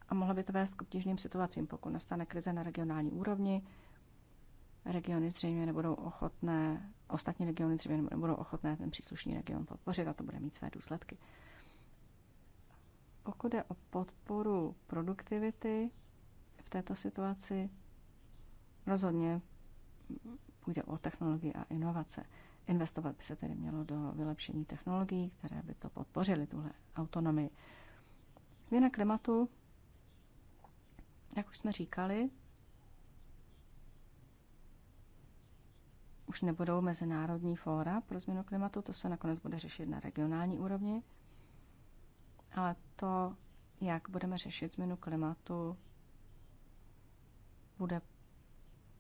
A mohlo by to vést k obtížným situacím, pokud nastane krize na regionální úrovni. Regiony zřejmě nebudou ochotné, ostatní regiony zřejmě nebudou ochotné ten příslušný region podpořit a to bude mít své důsledky. Pokud je o podporu produktivity v této situaci, rozhodně půjde o technologii a inovace. Investovat by se tedy mělo do vylepšení technologií, které by to podpořily, tuhle autonomii. Změna klimatu, jak už jsme říkali, už nebudou mezinárodní fóra pro změnu klimatu, to se nakonec bude řešit na regionální úrovni ale to, jak budeme řešit změnu klimatu, bude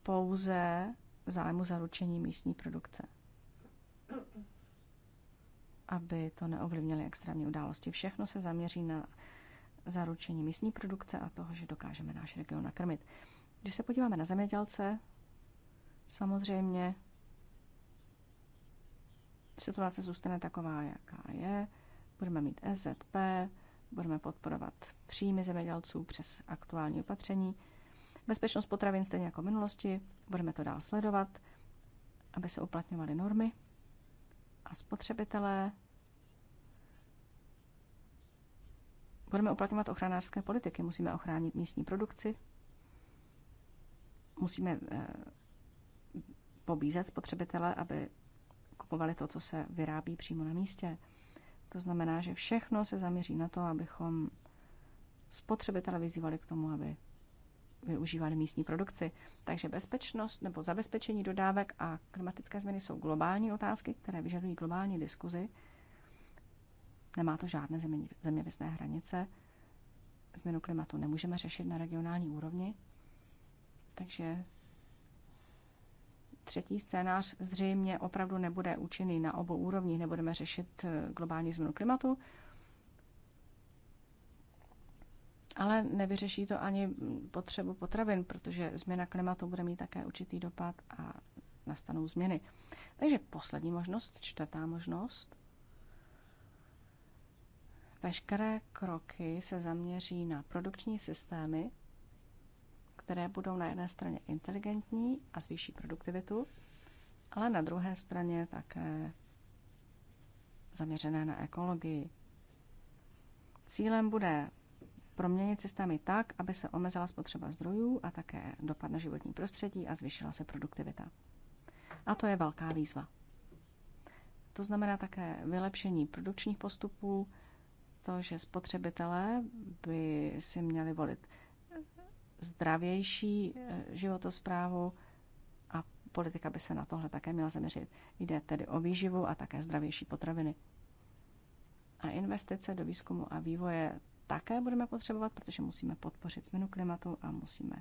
pouze v zájmu zaručení místní produkce. Aby to neovlivnily extrémní události. Všechno se zaměří na zaručení místní produkce a toho, že dokážeme náš region nakrmit. Když se podíváme na zemědělce, samozřejmě situace zůstane taková, jaká je. Budeme mít SZP, e budeme podporovat příjmy zemědělců přes aktuální opatření, bezpečnost potravin stejně jako v minulosti, budeme to dál sledovat, aby se uplatňovaly normy a spotřebitelé budeme uplatňovat ochranářské politiky. Musíme ochránit místní produkci, musíme eh, pobízet spotřebitele, aby kupovali to, co se vyrábí přímo na místě. To znamená, že všechno se zaměří na to, abychom spotřebitele vyzývali k tomu, aby využívali místní produkci. Takže bezpečnost nebo zabezpečení dodávek a klimatické změny jsou globální otázky, které vyžadují globální diskuzi. Nemá to žádné zeměvisné hranice. Změnu klimatu nemůžeme řešit na regionální úrovni. Takže Třetí scénář zřejmě opravdu nebude účinný na obou úrovních, nebudeme řešit eh, globální změnu klimatu, ale nevyřeší to ani potřebu potravin, protože změna klimatu bude mít také určitý dopad a nastanou změny. Takže poslední možnost, čtvrtá možnost. Veškeré kroky se zaměří na produkční systémy, které budou na jedné straně inteligentní a zvýší produktivitu, ale na druhé straně také zaměřené na ekologii. Cílem bude proměnit systémy tak, aby se omezila spotřeba zdrojů a také dopad na životní prostředí a zvýšila se produktivita. A to je velká výzva. To znamená také vylepšení produkčních postupů, to, že spotřebitelé by si měli volit zdravější eh, životosprávu a politika by se na tohle také měla zaměřit. Jde tedy o výživu a také zdravější potraviny. A investice do výzkumu a vývoje také budeme potřebovat, protože musíme podpořit změnu klimatu a musíme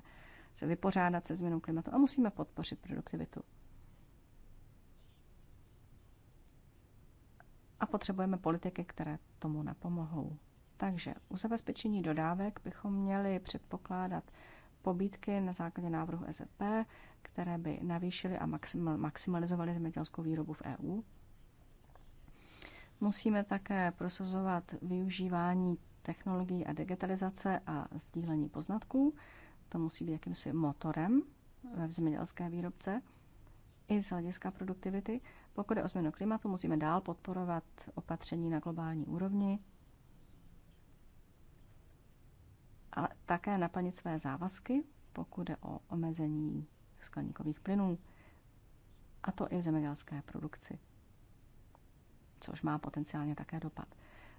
se vypořádat se změnou klimatu a musíme podpořit produktivitu. A potřebujeme politiky, které tomu napomohou. Takže u zabezpečení dodávek bychom měli předpokládat pobídky na základě návrhu EZP, které by navýšily a maximalizovaly zemědělskou výrobu v EU. Musíme také prosazovat využívání technologií a digitalizace a sdílení poznatků. To musí být jakýmsi motorem eh, ve zemědělské výrobce i z hlediska produktivity. Pokud je o změnu klimatu, musíme dál podporovat opatření na globální úrovni, ale také naplnit své závazky, pokud je o omezení skleníkových plynů, a to i v zemědělské produkci, což má potenciálně také dopad.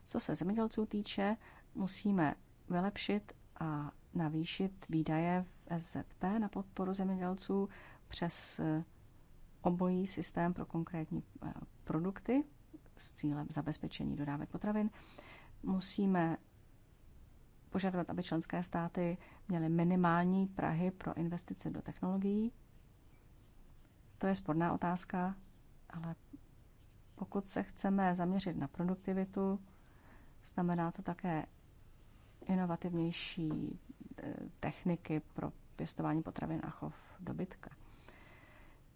Co se zemědělců týče, musíme vylepšit a navýšit výdaje v SZP na podporu zemědělců přes eh, obojí systém pro konkrétní eh, produkty s cílem zabezpečení dodávek potravin. Musíme požadovat, aby členské státy měly minimální Prahy pro investice do technologií? To je sporná otázka, ale pokud se chceme zaměřit na produktivitu, znamená to také inovativnější eh, techniky pro pěstování potravin a chov dobytka.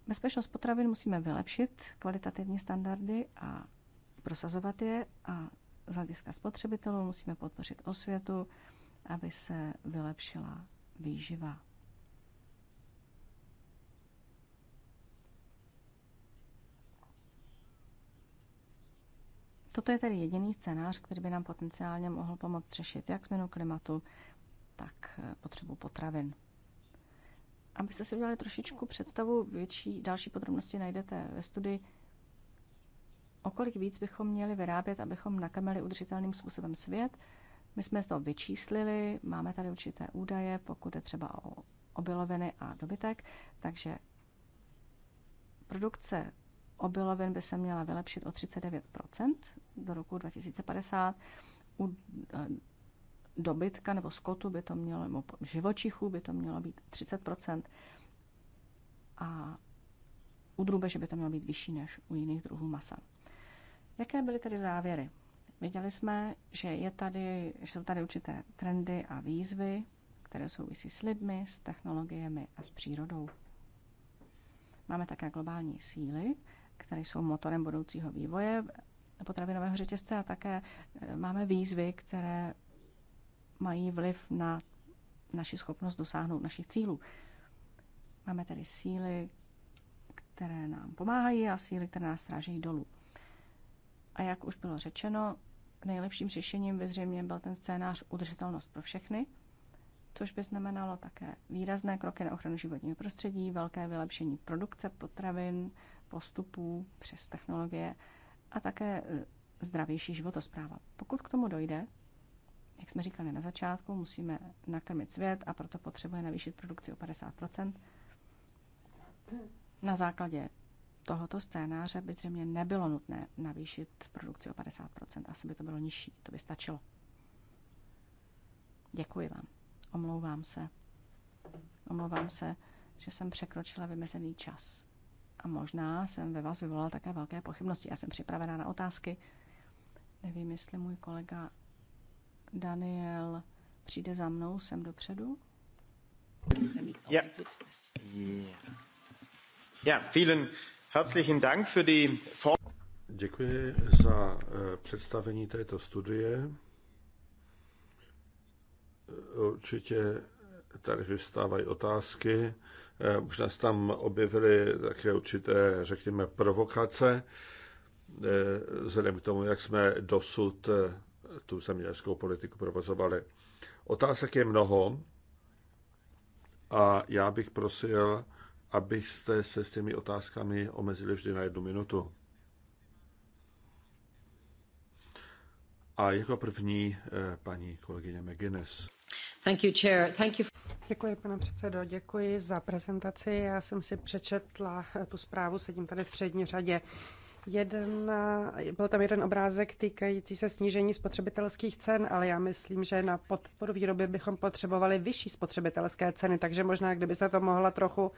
Bezpečnost potravin musíme vylepšit, kvalitativní standardy a prosazovat je a z hlediska spotřebitelů musíme podpořit osvětu, aby se vylepšila výživa. Toto je tedy jediný scénář, který by nám potenciálně mohl pomoct řešit jak změnu klimatu, tak eh, potřebu potravin. Abyste si udělali trošičku představu, větší další podrobnosti najdete ve studii o kolik víc bychom měli vyrábět, abychom nakamili udržitelným způsobem svět. My jsme to vyčíslili, máme tady určité údaje, pokud je třeba o obiloviny a dobytek, takže produkce obilovin by se měla vylepšit o 39 do roku 2050. U eh, dobytka nebo skotu by to mělo, nebo živočichů by to mělo být 30 a u drůbeže by to mělo být vyšší než u jiných druhů masa. Jaké byly tedy závěry? Viděli jsme, že, je tady, že jsou tady určité trendy a výzvy, které souvisí s lidmi, s technologiemi a s přírodou. Máme také globální síly, které jsou motorem budoucího vývoje potravinového řetězce a také eh, máme výzvy, které mají vliv na naši schopnost dosáhnout našich cílů. Máme tedy síly, které nám pomáhají a síly, které nás strážejí dolů. A jak už bylo řečeno, nejlepším řešením by zřejmě byl ten scénář udržitelnost pro všechny, což by znamenalo také výrazné kroky na ochranu životního prostředí, velké vylepšení produkce potravin, postupů přes technologie a také eh, zdravější životospráva. Pokud k tomu dojde, jak jsme říkali na začátku, musíme nakrmit svět a proto potřebuje navýšit produkci o 50 na základě tohoto scénáře by zřejmě nebylo nutné navýšit produkci o 50 asi by to bylo nižší, to by stačilo. Děkuji vám. Omlouvám se. Omlouvám se, že jsem překročila vymezený čas. A možná jsem ve vás vyvolala také velké pochybnosti. Já jsem připravená na otázky. Nevím, jestli můj kolega Daniel přijde za mnou sem dopředu. Yeah. Yeah. Yeah, vielen Herzlichen Dank für die Děkuji za eh, představení této studie. Určitě tady vystávají otázky. Možná eh, nás tam objevily také určité, řekněme, provokace, eh, vzhledem k tomu, jak jsme dosud tu zemědělskou politiku provozovali. Otázek je mnoho a já bych prosil, abyste se s těmi otázkami omezili vždy na jednu minutu. A jako první eh, paní kolegyně McGuinness. Thank you, chair. Thank you. Děkuji, pane předsedo, děkuji za prezentaci. Já jsem si přečetla tu zprávu, sedím tady v přední řadě. Uh, Jedna, eh, byl tam jeden obrázek týkající se snížení spotřebitelských cen, ale já myslím, že na podporu výroby bychom potřebovali vyšší spotřebitelské ceny, takže možná, kdyby se to mohla trochu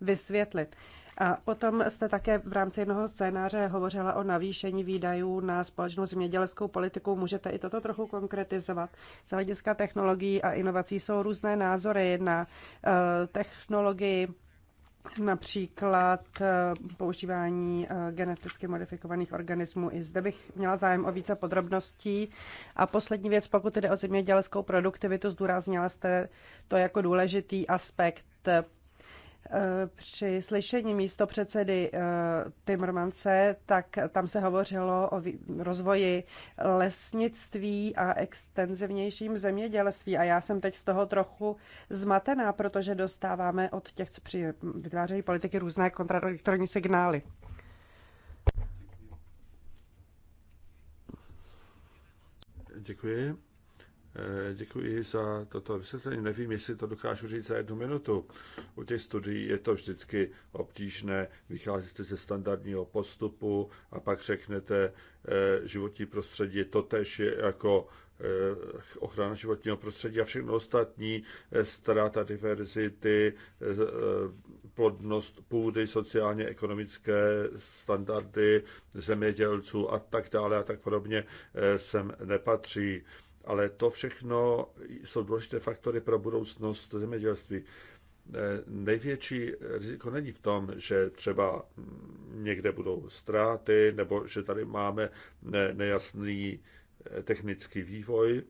vysvětlit. A potom jste také v rámci jednoho scénáře hovořila o navýšení výdajů na společnou zemědělskou politiku. Můžete i toto trochu konkretizovat? Z hlediska technologií a inovací jsou různé názory na eh, technologii například eh, používání eh, geneticky modifikovaných organismů. I zde bych měla zájem o více podrobností. A poslední věc, pokud jde o zemědělskou produktivitu, zdůraznila jste to jako důležitý aspekt Eh, při slyšení místo předsedy eh, Timmermanse, tak tam se hovořilo o rozvoji lesnictví a extenzivnějším zemědělství. A já jsem teď z toho trochu zmatená, protože dostáváme od těch, co při vytvářejí politiky, různé kontradiktorní signály. Děkuji. Eh, děkuji za toto vysvětlení. Nevím, jestli to dokážu říct za jednu minutu. U těch studií je to vždycky obtížné. Vycházíte ze standardního postupu a pak řeknete, eh, životní prostředí je totež jako eh, ochrana životního prostředí a všechno ostatní, ztráta diverzity, plodnost půdy, sociálně ekonomické standardy zemědělců a tak dále a tak podobně sem nepatří. Ale to všechno jsou důležité faktory pro budoucnost zemědělství. Eh, největší riziko není v tom, že třeba mm, někde budou ztráty, nebo že tady máme nejasný eh, technický vývoj,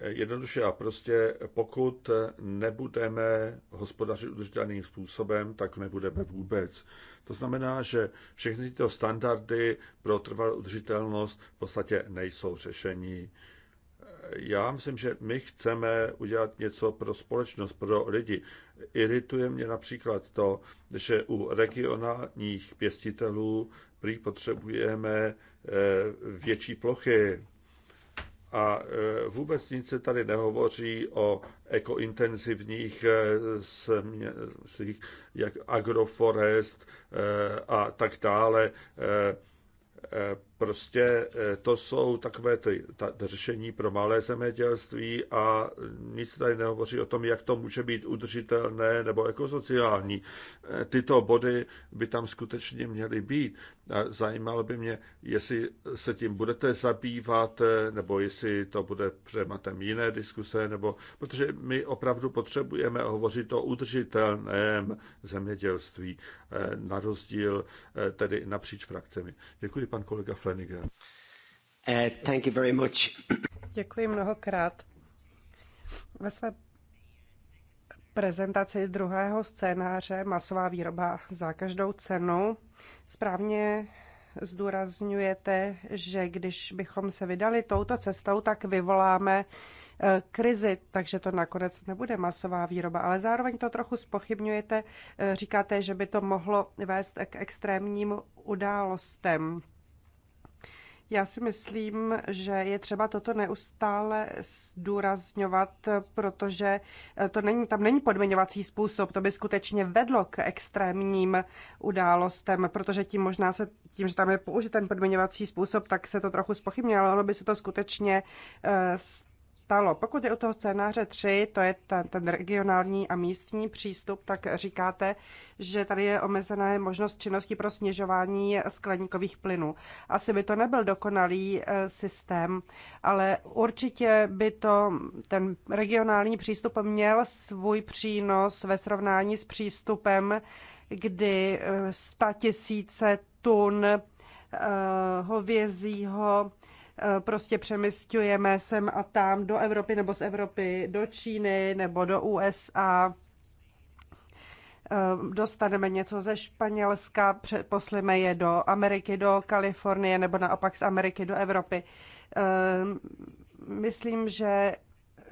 Jednoduše a prostě, pokud nebudeme hospodařit udržitelným způsobem, tak nebudeme vůbec. To znamená, že všechny tyto standardy pro trvalou udržitelnost v podstatě nejsou řešení. Já myslím, že my chceme udělat něco pro společnost, pro lidi. Irituje mě například to, že u regionálních pěstitelů prý potřebujeme eh, větší plochy a e, vůbec nic se tady nehovoří o ekointenzivních e, svých, jak agroforest e, a tak dále Prostě eh, to jsou takové ty, ta, ta řešení pro malé zemědělství a nic tady nehovoří o tom, jak to může být udržitelné nebo ekosociální. Eh, tyto body by tam skutečně měly být. A zajímalo by mě, jestli se tím budete zabývat, eh, nebo jestli to bude přematem jiné diskuse, nebo protože my opravdu potřebujeme hovořit o udržitelném zemědělství, na rozdíl tedy napříč frakcemi. Děkuji, pan kolega Fle. Beniger. Eh, thank you very much. Děkuji mnohokrát. Ve své prezentaci druhého scénáře Masová výroba za každou cenu správně zdůrazňujete, že když bychom se vydali touto cestou, tak vyvoláme eh, krizi, takže to nakonec nebude masová výroba, ale zároveň to trochu spochybňujete, eh, říkáte, že by to mohlo vést k extrémním událostem. Já si myslím, že je třeba toto neustále zdůrazňovat, protože to není, tam není podmiňovací způsob, to by skutečně vedlo k extrémním událostem, protože tím možná se, tím, že tam je použit ten podmiňovací způsob, tak se to trochu spochybně, ale ono by se to skutečně eh, stalo. Pokud je u toho scénáře 3, to je ten, ten regionální a místní přístup, tak říkáte, že tady je omezená možnost činnosti pro snižování skleníkových plynů. Asi by to nebyl dokonalý eh, systém, ale určitě by to ten regionální přístup měl svůj přínos ve srovnání s přístupem, kdy 100 eh, tisíce tun eh, hovězího Eh, prostě přemysťujeme sem a tam do Evropy nebo z Evropy do Číny nebo do USA. Eh, dostaneme něco ze Španělska, posleme je do Ameriky, do Kalifornie nebo naopak z Ameriky do Evropy. Eh, myslím, že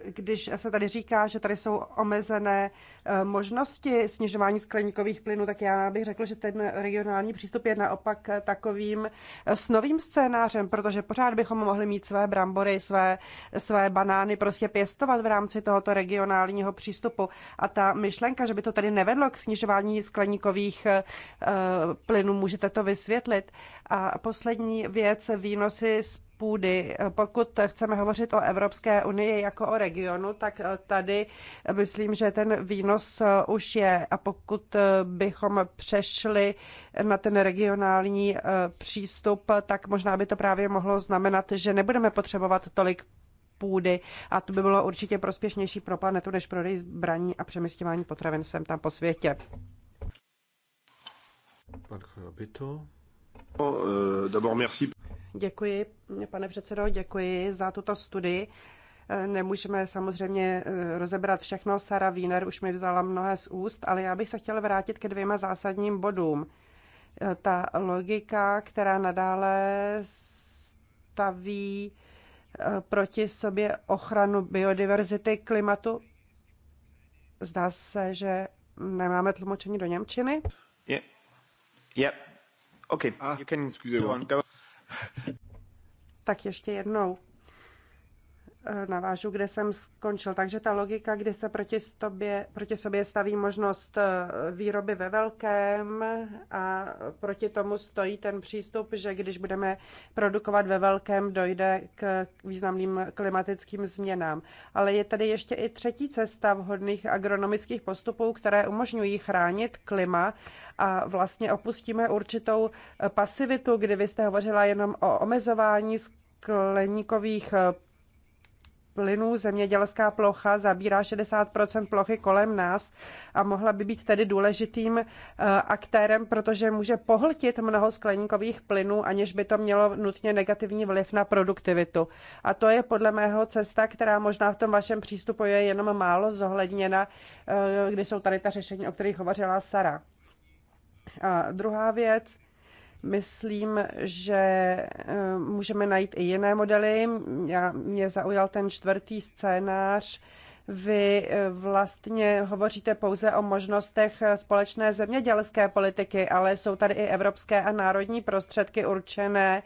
když se tady říká, že tady jsou omezené eh, možnosti snižování skleníkových plynů, tak já bych řekl, že ten regionální přístup je naopak eh, takovým eh, s novým scénářem, protože pořád bychom mohli mít své brambory, své, své banány prostě pěstovat v rámci tohoto regionálního přístupu. A ta myšlenka, že by to tady nevedlo k snižování skleníkových plynů, můžete to vysvětlit. A poslední věc, výnosy z půdy. Pokud chceme hovořit o Evropské unii jako o regionu, tak tady myslím, že ten výnos už je. A pokud bychom přešli na ten regionální eh, přístup, tak možná by to právě mohlo znamenat, že nebudeme potřebovat tolik půdy a to by bylo určitě prospěšnější pro planetu než prodej zbraní a přemysťování potravin sem tam po světě. Pan Chlabito. Eh, d'abord merci. Děkuji, pane předsedo, děkuji za tuto studii. Nemůžeme samozřejmě eh, rozebrat všechno, Sara Wiener už mi vzala mnohé z úst, ale já bych se chtěla vrátit ke dvěma zásadním bodům. Eh, ta logika, která nadále staví eh, proti sobě ochranu biodiverzity klimatu. Zdá se, že nemáme tlumočení do Němčiny. Yeah. Yeah. Okay, ah, you can go on. Go tak ještě jednou. Eh, navážu, kde jsem skončil. Takže ta logika, kdy se proti, sobě, proti sobě staví možnost eh, výroby ve velkém a proti tomu stojí ten přístup, že když budeme produkovat ve velkém, dojde k významným klimatickým změnám. Ale je tady ještě i třetí cesta vhodných agronomických postupů, které umožňují chránit klima a vlastně opustíme určitou eh, pasivitu, kdy vy jste hovořila jenom o omezování skleníkových plynů zemědělská plocha zabírá 60 plochy kolem nás a mohla by být tedy důležitým eh, aktérem, protože může pohltit mnoho skleníkových plynů, aniž by to mělo nutně negativní vliv na produktivitu. A to je podle mého cesta, která možná v tom vašem přístupu je jenom málo zohledněna, eh, kdy jsou tady ta řešení, o kterých hovořila Sara. A druhá věc, Myslím, že eh, můžeme najít i jiné modely. Já, mě zaujal ten čtvrtý scénář. Vy eh, vlastně hovoříte pouze o možnostech eh, společné zemědělské politiky, ale jsou tady i evropské a národní prostředky určené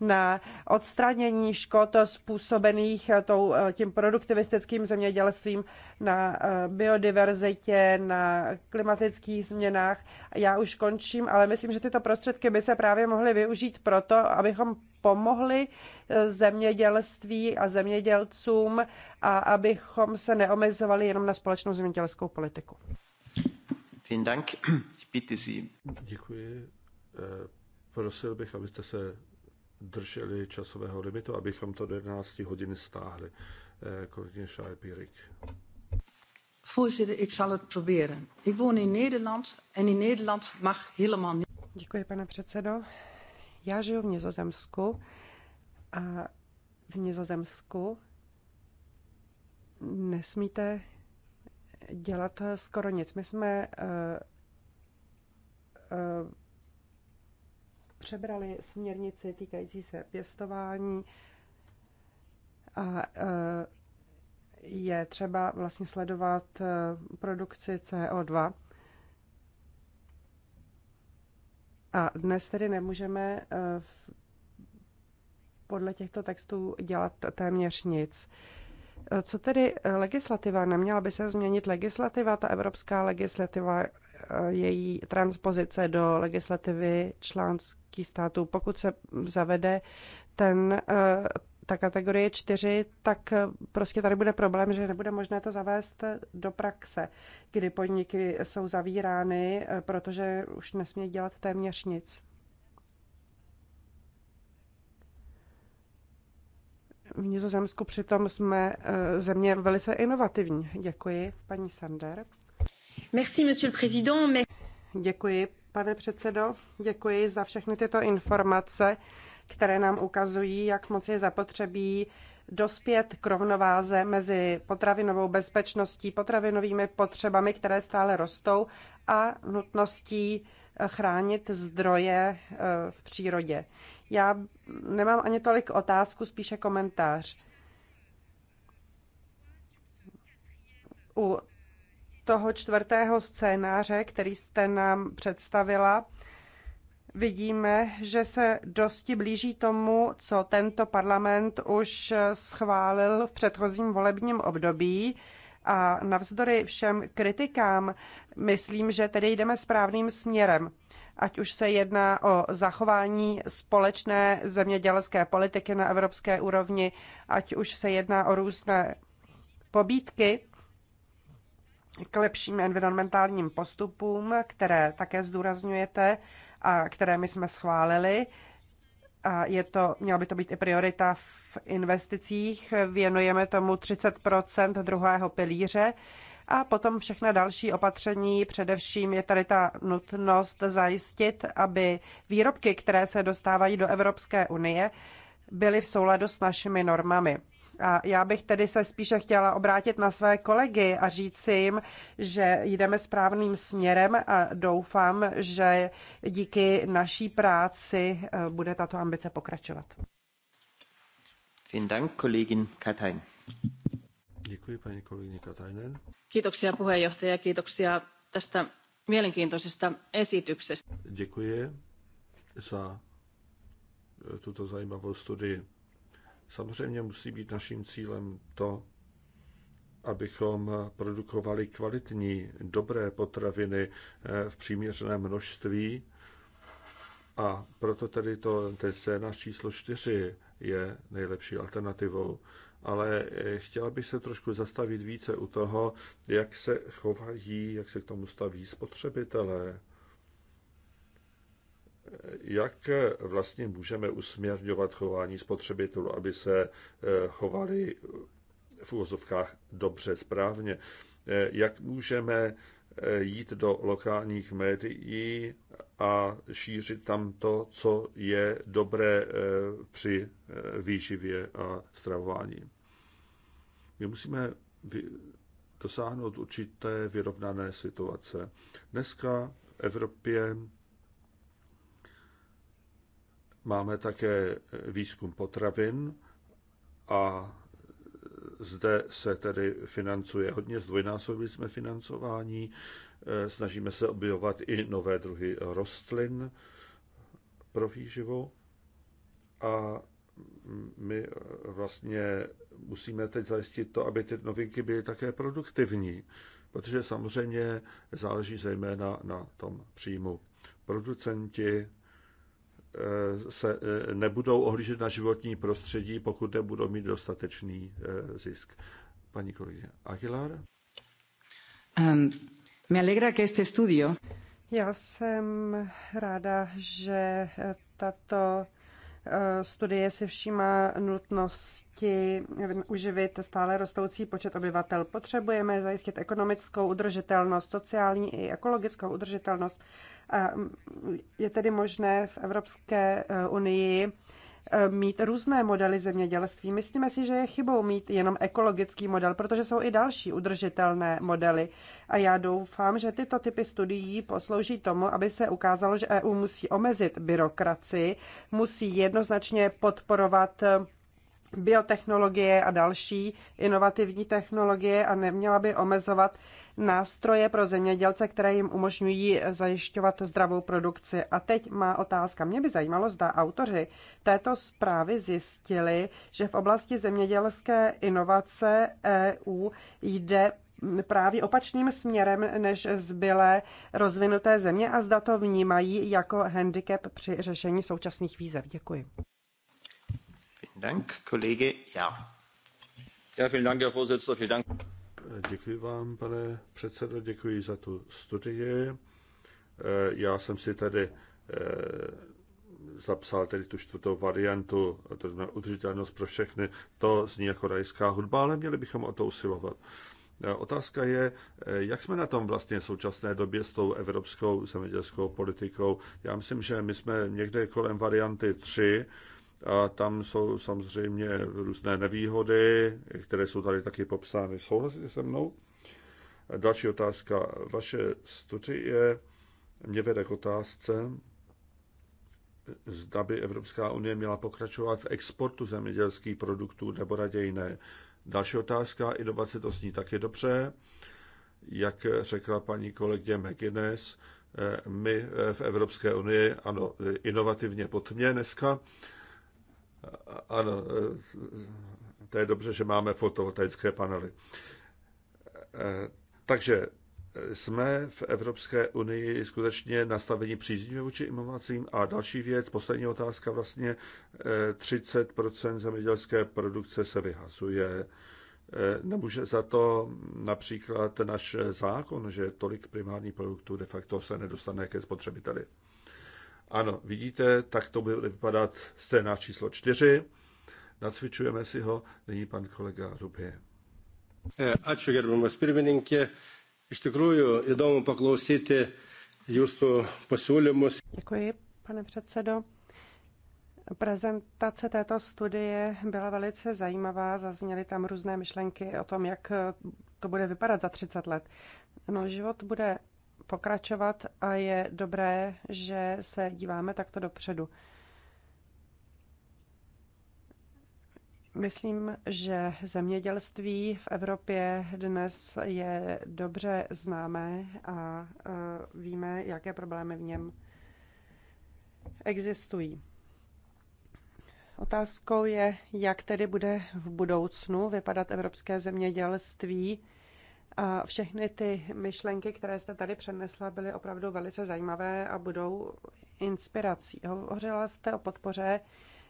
na odstranění škod způsobených eh, eh, tím produktivistickým zemědělstvím na eh, biodiverzitě, na klimatických změnách. Já už končím, ale myslím, že tyto prostředky by se právě mohly využít proto, abychom pomohli zemědělství a zemědělcům a abychom se neomezovali jenom na společnou zemědělskou politiku. Vielen Dank. Ich bitte Sie. Děkuji. Prosil bych, abyste se drželi časového limitu, abychom to do 11 hodin stáhli. Eh, kolegyně Šajpírik. Voorzitter, ik zal het proberen. Ik woon in Nederland en in Nederland mag helemaal niet. Děkuji, pane předsedo. Já žiju v Nizozemsku a v Nizozemsku nesmíte dělat skoro nic. My jsme uh, uh, přebrali směrnici týkající se pěstování a e, je třeba vlastně sledovat e, produkci CO2. A dnes tedy nemůžeme e, podle těchto textů dělat téměř nic. Co tedy legislativa? Neměla by se změnit legislativa, ta evropská legislativa, Eh, její transpozice do legislativy článských států. Pokud se zavede ten, eh, ta kategorie 4, tak eh, prostě tady bude problém, že nebude možné to zavést do praxe, kdy podniky jsou zavírány, protože už nesmí dělat téměř nic. V Nizozemsku přitom jsme země velice inovativní. Děkuji, paní Sander. Merci, monsieur le président. Děkuji, pane předsedo. Děkuji za všechny tyto informace, které nám ukazují, jak moc je zapotřebí dospět k rovnováze mezi potravinovou bezpečností, potravinovými potřebami, které stále rostou, a nutností eh, chránit zdroje eh, v přírodě. Já nemám ani tolik otázku, spíše komentář. U toho čtvrtého scénáře, který jste nám představila, vidíme, že se dosti blíží tomu, co tento parlament už schválil v předchozím volebním období. A navzdory všem kritikám, myslím, že tedy jdeme správným směrem. Ať už se jedná o zachování společné zemědělské politiky na evropské úrovni, ať už se jedná o různé pobídky, k lepším environmentálním postupům, které také zdůrazňujete a které my jsme schválili. A je to, měla by to být i priorita v investicích. Věnujeme tomu 30 druhého pilíře. A potom všechna další opatření, především je tady ta nutnost zajistit, aby výrobky, které se dostávají do Evropské unie, byly v souladu s našimi normami. A já bych tedy se spíše chtěla obrátit na své kolegy a říci jim, že jdeme správným směrem a doufám, že díky naší práci eh, bude tato ambice pokračovat. Vielen Dank, Kollegin Katain. Děkuji, paní kolegyně Katainen. Kiitoksia puheenjohtaja, kiitoksia tästä mielenkiintoisesta esityksestä. Děkuji za eh, tuto zajímavou studii. Samozřejmě musí být naším cílem to, abychom produkovali kvalitní, dobré potraviny eh, v přiměřeném množství. A proto tedy to, ten scénář číslo 4 je nejlepší alternativou. Ale eh, chtěla bych se trošku zastavit více u toho, jak se chovají, jak se k tomu staví spotřebitelé jak vlastně můžeme usměrňovat chování spotřebitelů, aby se eh, chovali v úvozovkách dobře, správně. Eh, jak můžeme eh, jít do lokálních médií a šířit tam to, co je dobré při výživě a stravování. My musíme dosáhnout určité vyrovnané situace. Dneska v Evropě Máme také eh, výzkum potravin a eh, zde se tedy financuje hodně, zdvojnásobili jsme financování, eh, snažíme se objevovat i nové druhy rostlin pro výživu a my vlastně musíme teď zajistit to, aby ty novinky byly také produktivní, protože samozřejmě záleží zejména na tom příjmu. Producenti Eh, se eh, nebudou ohlížet na životní prostředí, pokud nebudou mít dostatečný eh, zisk. Paní kolegyně Aguilar. Um, me alegra que este estudio... Já jsem ráda, že tato Studie si všímá nutnosti uživit stále rostoucí počet obyvatel. Potřebujeme zajistit ekonomickou udržitelnost, sociální i ekologickou udržitelnost. Je tedy možné v Evropské unii Eh, mít různé modely zemědělství. Myslíme si, že je chybou mít jenom ekologický model, protože jsou i další udržitelné modely. A já doufám, že tyto typy studií poslouží tomu, aby se ukázalo, že EU musí omezit byrokracii, musí jednoznačně podporovat eh, biotechnologie a další inovativní technologie a neměla by omezovat nástroje pro zemědělce, které jim umožňují zajišťovat zdravou produkci. A teď má otázka. Mě by zajímalo, zda autoři této zprávy zjistili, že v oblasti zemědělské inovace EU jde právě opačným směrem než zbylé rozvinuté země a zda to vnímají jako handicap při řešení současných výzev. Děkuji. Dank, Ja. Ja, vielen Dank, Herr Vorsitzender, vielen Dank. Děkuji vám, pane předsedo, děkuji za tu studii. Eh, já jsem si tady eh, zapsal tedy tu čtvrtou variantu, to znamená udržitelnost pro všechny, to zní jako rajská hudba, ale měli bychom o to usilovat. Eh, otázka je, jak jsme na tom vlastně v současné době s tou evropskou zemědělskou politikou. Já myslím, že my jsme někde kolem varianty 3, a tam jsou samozřejmě různé nevýhody, které jsou tady taky popsány. Souhlasíte se mnou? Další otázka. Vaše studie mě vede k otázce, zda by Evropská unie měla pokračovat v exportu zemědělských produktů nebo raději ne. Další otázka, inovace to sní taky dobře. Jak řekla paní kolegyně McGuinness, eh, my eh, v Evropské unii, ano, inovativně potmě dneska, ano, eh, to je dobře, že máme fotovoltaické panely. Eh, takže eh, jsme v Evropské unii skutečně nastaveni příznivě vůči inovacím. A další věc, poslední otázka vlastně, 30% zemědělské produkce se vyhazuje. Nemůže za to například náš zákon, že tolik primárních produktů de facto se nedostane ke spotřebiteli. Ano, vidíte, tak to bude vypadat scéna číslo čtyři. Nacvičujeme si ho, nyní pan kolega Rubě. E, ačiū, gerbiamas pirmininkė. Iš tikrųjų, įdomu paklausyti jūsų pasiūlymus. Děkuji, pane předsedo. Prezentace této studie byla velice zajímavá, zazněly tam různé myšlenky o tom, jak to bude vypadat za 30 let. No, život bude pokračovat a je dobré, že se díváme takto dopředu. Myslím, že zemědělství v Evropě dnes je dobře známé a víme, jaké problémy v něm existují. Otázkou je, jak tedy bude v budoucnu vypadat evropské zemědělství a všechny ty myšlenky, které jste tady přenesla, byly opravdu velice zajímavé a budou inspirací. Hovořila jste o podpoře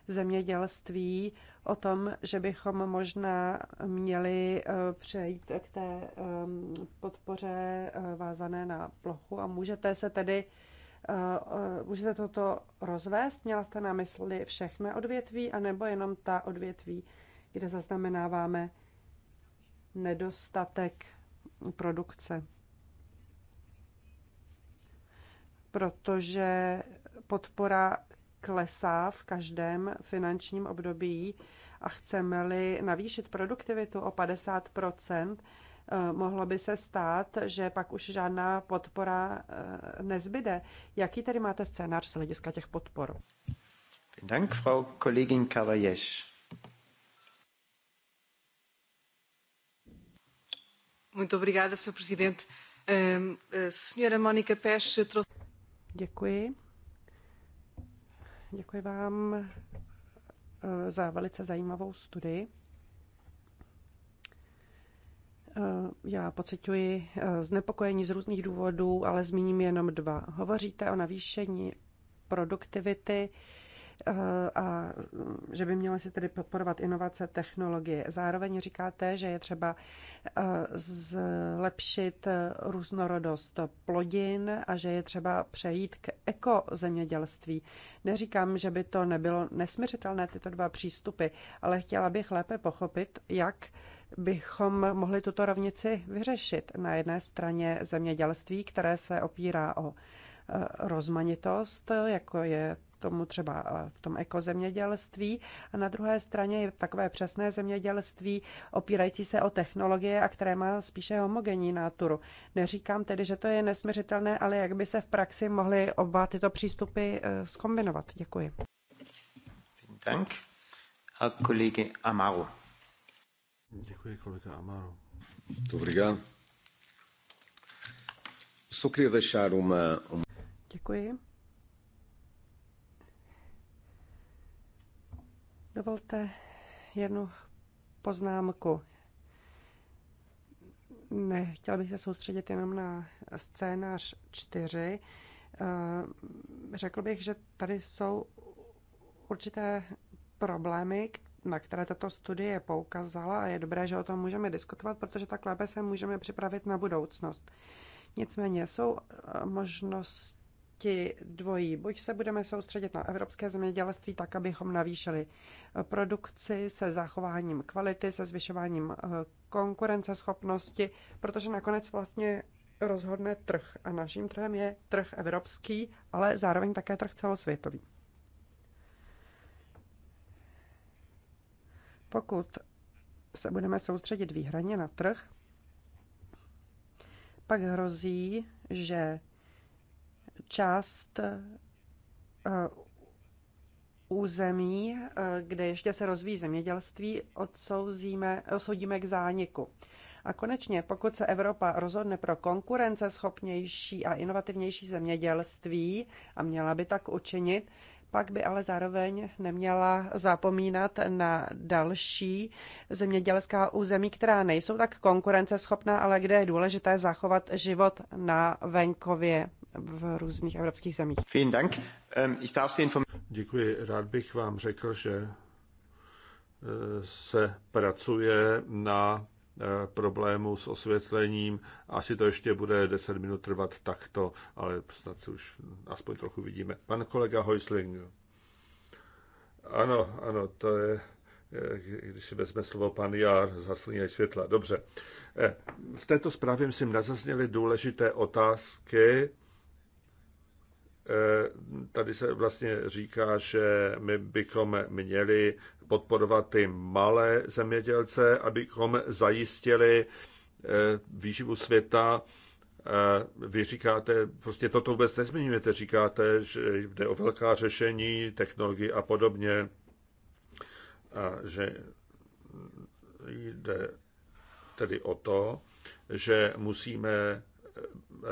zemědělství, o tom, že bychom možná měli eh, přejít k té ehm, podpoře eh, vázané na plochu a můžete se tedy eh, můžete toto rozvést? Měla jste na mysli všechna odvětví anebo jenom ta odvětví, kde zaznamenáváme nedostatek produkce. Protože podpora klesá v každém finančním období a chceme-li navýšit produktivitu o 50 eh, mohlo by se stát, že pak už žádná podpora eh, nezbyde. Jaký tedy máte scénář z hlediska těch podpor? Dank, Frau Kollegin Kavaješ. Muito obrigada, Sr. Presidente. Senhora Monika Peš trouxe... Děkuji. Děkuji vám eh, za velice zajímavou studii. Eh, já pociťuji eh, znepokojení z různých důvodů, ale zmíním jenom dva. Hovoříte o navýšení produktivity Eh, a že by měly se tedy podporovat inovace technologie. Zároveň říkáte, že je třeba eh, zlepšit eh, různorodost plodin a že je třeba přejít k ekozemědělství. Neříkám, že by to nebylo nesměřitelné tyto dva přístupy, ale chtěla bych lépe pochopit, jak bychom mohli tuto rovnici vyřešit. Na jedné straně zemědělství, které se opírá o rozmanitost, jako je tomu třeba eh, v tom ekozemědělství. A na druhé straně je takové přesné zemědělství opírající se o technologie a které má spíše homogenní náturu. Neříkám tedy, že to je nesměřitelné, ale jak by se v praxi mohly oba tyto přístupy skombinovat. Eh, Děkuji. Dank. A kolegy Amaro. Děkuji, kolega Amaro. Dobrý den. Děkuji. Dovolte jednu poznámku. Ne, chtěla bych se soustředit jenom na scénář 4. Eh, řekl bych, že tady jsou určité problémy, na které tato studie poukazala a je dobré, že o tom můžeme diskutovat, protože tak lépe se můžeme připravit na budoucnost. Nicméně jsou eh, možnost ti dvojí. Buď se budeme soustředit na evropské zemědělství tak, abychom navýšili eh, produkci se zachováním kvality, se zvyšováním eh, konkurenceschopnosti, protože nakonec vlastně rozhodne trh a naším trhem je trh evropský, ale zároveň také trh celosvětový. Pokud se budeme soustředit výhradně na trh, pak hrozí, že část eh, území, eh, kde ještě se rozvíjí zemědělství, odsouzíme, odsoudíme k zániku. A konečně, pokud se Evropa rozhodne pro konkurenceschopnější a inovativnější zemědělství, a měla by tak učinit, pak by ale zároveň neměla zapomínat na další zemědělská území, která nejsou tak konkurenceschopná, ale kde je důležité zachovat život na venkově v různých evropských zemích. Vielen Dank. Ähm, ich darf Sie Děkuji. Rád bych vám řekl, že äh, se pracuje na äh, problému s osvětlením. Asi to ještě bude 10 minut trvat takto, ale snad si už aspoň trochu vidíme. Pan kolega Heusling. Ano, ano, to je, eh, když si vezme slovo pan Jár, zaslíně světla. Dobře. Eh, v této zprávě, myslím, nazazněly důležité otázky, Eh, tady se vlastně říká, že my bychom měli podporovat ty malé zemědělce, abychom zajistili eh, výživu světa. Eh, vy říkáte, prostě toto vůbec nezmiňujete, říkáte, že jde o velká řešení, technologie a podobně, a že jde tedy o to, že musíme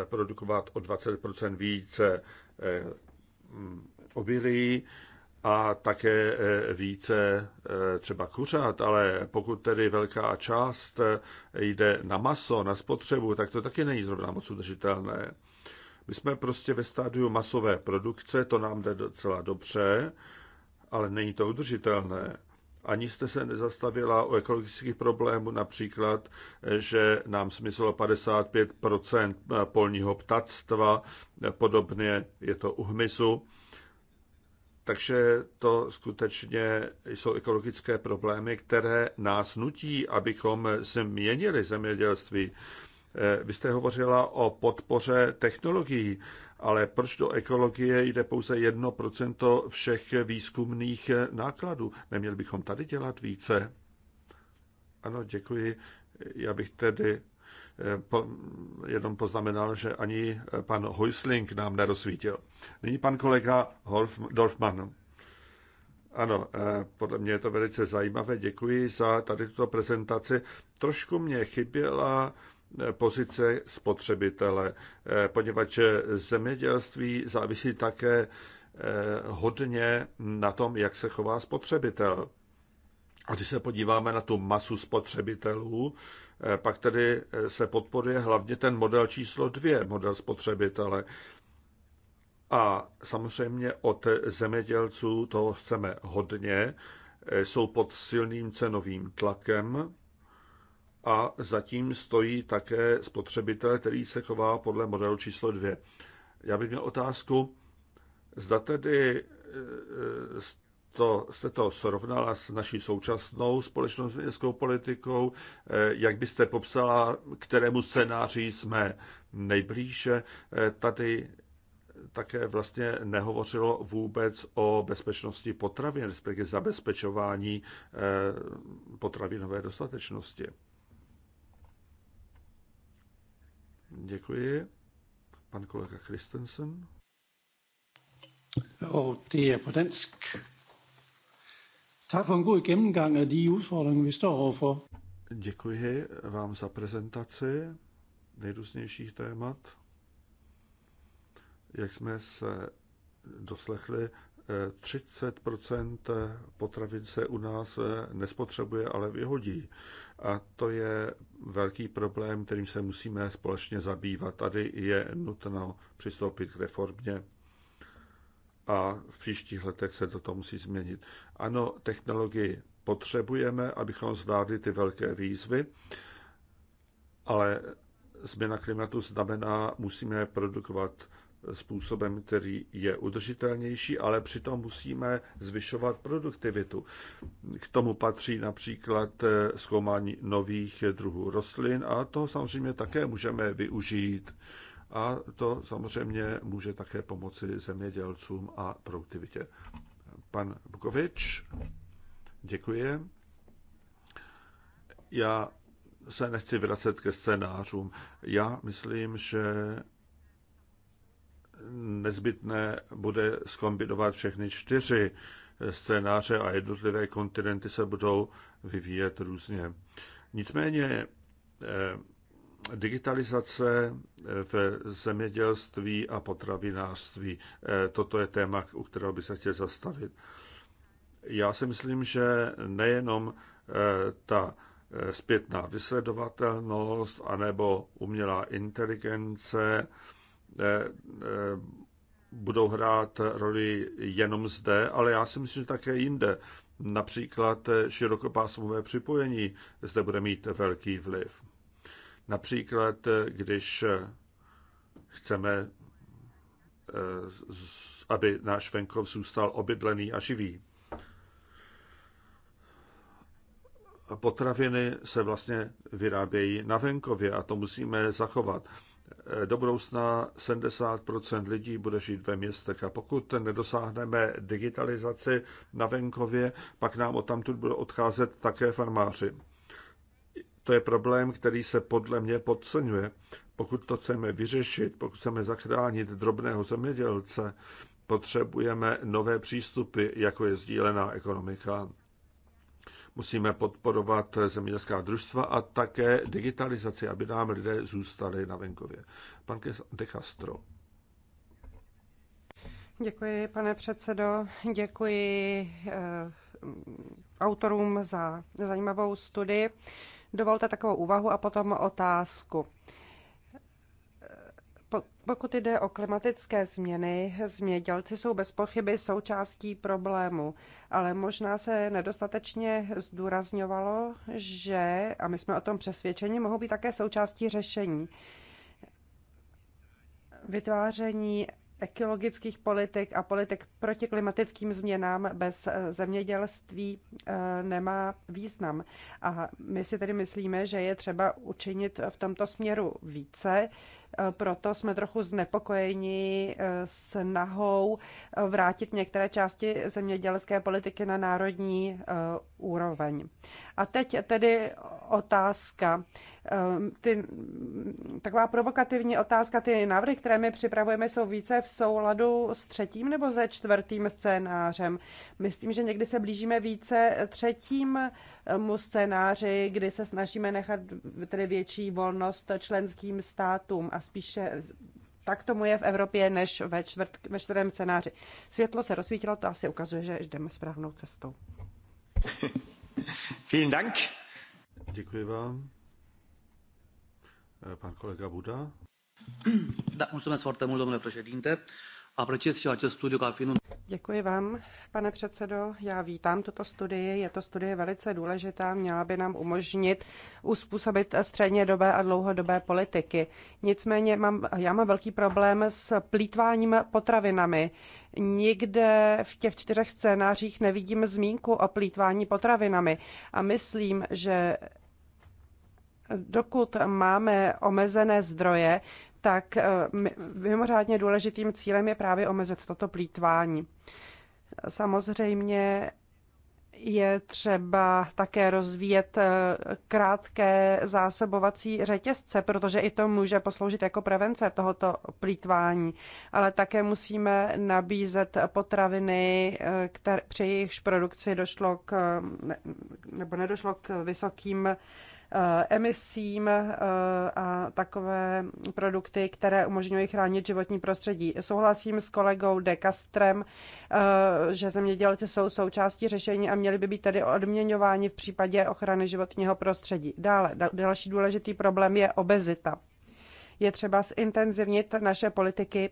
produkovat o 20 více Eh, mm, obilí a také eh, více eh, třeba kuřat, ale pokud tedy velká část jde na maso, na spotřebu, tak to taky není zrovna moc udržitelné. My jsme prostě ve stádiu masové produkce, to nám jde docela dobře, ale není to udržitelné ani jste se nezastavila o ekologických problémů, například, že nám smyslo 55 polního ptactva, podobně je to u hmyzu. Takže to skutečně jsou ekologické problémy, které nás nutí, abychom změnili zemědělství. Vy jste hovořila o podpoře technologií ale proč do ekologie jde pouze 1% všech výzkumných nákladů? Neměli bychom tady dělat více? Ano, děkuji. Já bych tedy eh, po, jenom poznamenal, že ani eh, pan Heusling nám nerozsvítil. Nyní pan kolega Horf, Dorfman. Ano, eh, podle mě je to velice zajímavé. Děkuji za tady tuto prezentaci. Trošku mě chyběla Eh, pozice spotřebitele, eh, poněvadž zemědělství závisí také eh, hodně na tom, jak se chová spotřebitel. A když se podíváme na tu masu spotřebitelů, pak tedy se podporuje hlavně ten model číslo dvě, model spotřebitele. A samozřejmě od zemědělců toho chceme hodně, jsou pod silným cenovým tlakem a zatím stojí také spotřebitel, který se chová podle modelu číslo 2. Já bych měl otázku, zda tedy e, e, to, jste to srovnala s naší současnou společnou městskou politikou, e, jak byste popsala, kterému scénáři jsme nejblíže, tady také vlastně nehovořilo vůbec o bezpečnosti potravin, respektive zabezpečování potravinové dostatečnosti. Děkuji. Pan kolega Christensen. Jo, det je er po dansk. Tak for en god gennemgang af de udfordringer, vi står overfor. Děkuji vám za prezentaci nejrůznějších témat. Jak jsme se doslechli, 30 potravin se u nás eh, nespotřebuje, ale vyhodí. A to je velký problém, kterým se musíme společně zabývat. Tady je nutno přistoupit k reformě a v příštích letech se toto musí změnit. Ano, technologii potřebujeme, abychom zvládli ty velké výzvy, ale změna klimatu znamená, musíme produkovat způsobem, který je udržitelnější, ale přitom musíme zvyšovat produktivitu. K tomu patří například eh, zkoumání nových druhů rostlin a to samozřejmě také můžeme využít. A to samozřejmě může také pomoci zemědělcům a produktivitě. Pan Bukovič, děkuji. Já se nechci vracet ke scénářům. Já myslím, že nezbytné bude skombinovat všechny čtyři scénáře a jednotlivé kontinenty se budou vyvíjet různě. Nicméně eh, digitalizace eh, v zemědělství a potravinářství, eh, toto je téma, u kterého by se chtěl zastavit. Já si myslím, že nejenom ta zpětná vysledovatelnost anebo umělá inteligence, budou hrát roli jenom zde, ale já si myslím, že také jinde. Například širokopásmové připojení zde bude mít velký vliv. Například, když chceme, eh, aby náš venkov zůstal obydlený a živý. Potraviny se vlastně vyrábějí na venkově a to musíme zachovat. Eh, do budoucna 70 lidí bude žít ve městech. A pokud nedosáhneme digitalizaci na venkově, pak nám odtamtud budou odcházet také farmáři. To je problém, který se podle mě podceňuje. Pokud to chceme vyřešit, pokud chceme zachránit drobného zemědělce, potřebujeme nové přístupy, jako je sdílená ekonomika. Musíme podporovat zemědělská družstva a také digitalizaci, aby nám lidé zůstali na venkově. Pan De Castro. Děkuji, pane předsedo. Děkuji eh, autorům za zajímavou studii. Dovolte takovou úvahu a potom otázku. Pokud jde o klimatické změny, změdělci jsou bez pochyby součástí problému, ale možná se nedostatečně zdůrazňovalo, že, a my jsme o tom přesvědčeni, mohou být také součástí řešení. Vytváření ekologických politik a politik proti klimatickým změnám bez zemědělství eh, nemá význam. A my si tedy myslíme, že je třeba učinit v tomto směru více Eh, proto jsme trochu znepokojeni eh, snahou eh, vrátit některé části zemědělské politiky na národní úroveň. A teď tedy otázka. Ehm, ty, taková provokativní otázka, ty návrhy, které my připravujeme, jsou více v souladu s třetím nebo se čtvrtým scénářem. Myslím, že někdy se blížíme více třetímu ehm, scénáři, kdy se snažíme nechat tedy větší volnost členským státům a spíše tak tomu je v Evropě než ve, čtvrt, ve čtvrtém scénáři. Světlo se rozsvítilo, to asi ukazuje, že jdeme správnou cestou. Vielen Dank. Děkuji vám. Eh, pan kolega Buda. Da, mulțumesc foarte mult, domnule președinte. Apreciez și acest studiu ca fiind un... Děkuji vám, pane předsedo. Já vítám tuto studii. Je to studie velice důležitá. Měla by nám umožnit uspůsobit dobé a dlouhodobé politiky. Nicméně mám, já mám velký problém s plítváním potravinami. Nikde v těch čtyřech scénářích nevidím zmínku o plítvání potravinami. A myslím, že dokud máme omezené zdroje, tak eh, mimořádně důležitým cílem je právě omezit toto plítvání. Samozřejmě je třeba také rozvíjet eh, krátké zásobovací řetězce, protože i to může posloužit jako prevence tohoto plítvání. Ale také musíme nabízet potraviny, eh, které, při jejichž produkci došlo k, nebo nedošlo k vysokým Eh, emisím eh, a takové produkty, které umožňují chránit životní prostředí. Souhlasím s kolegou De Castrem, eh, že zemědělci jsou součástí řešení a měli by být tedy odměňováni v případě ochrany životního prostředí. Dále, další důležitý problém je obezita je třeba zintenzivnit naše politiky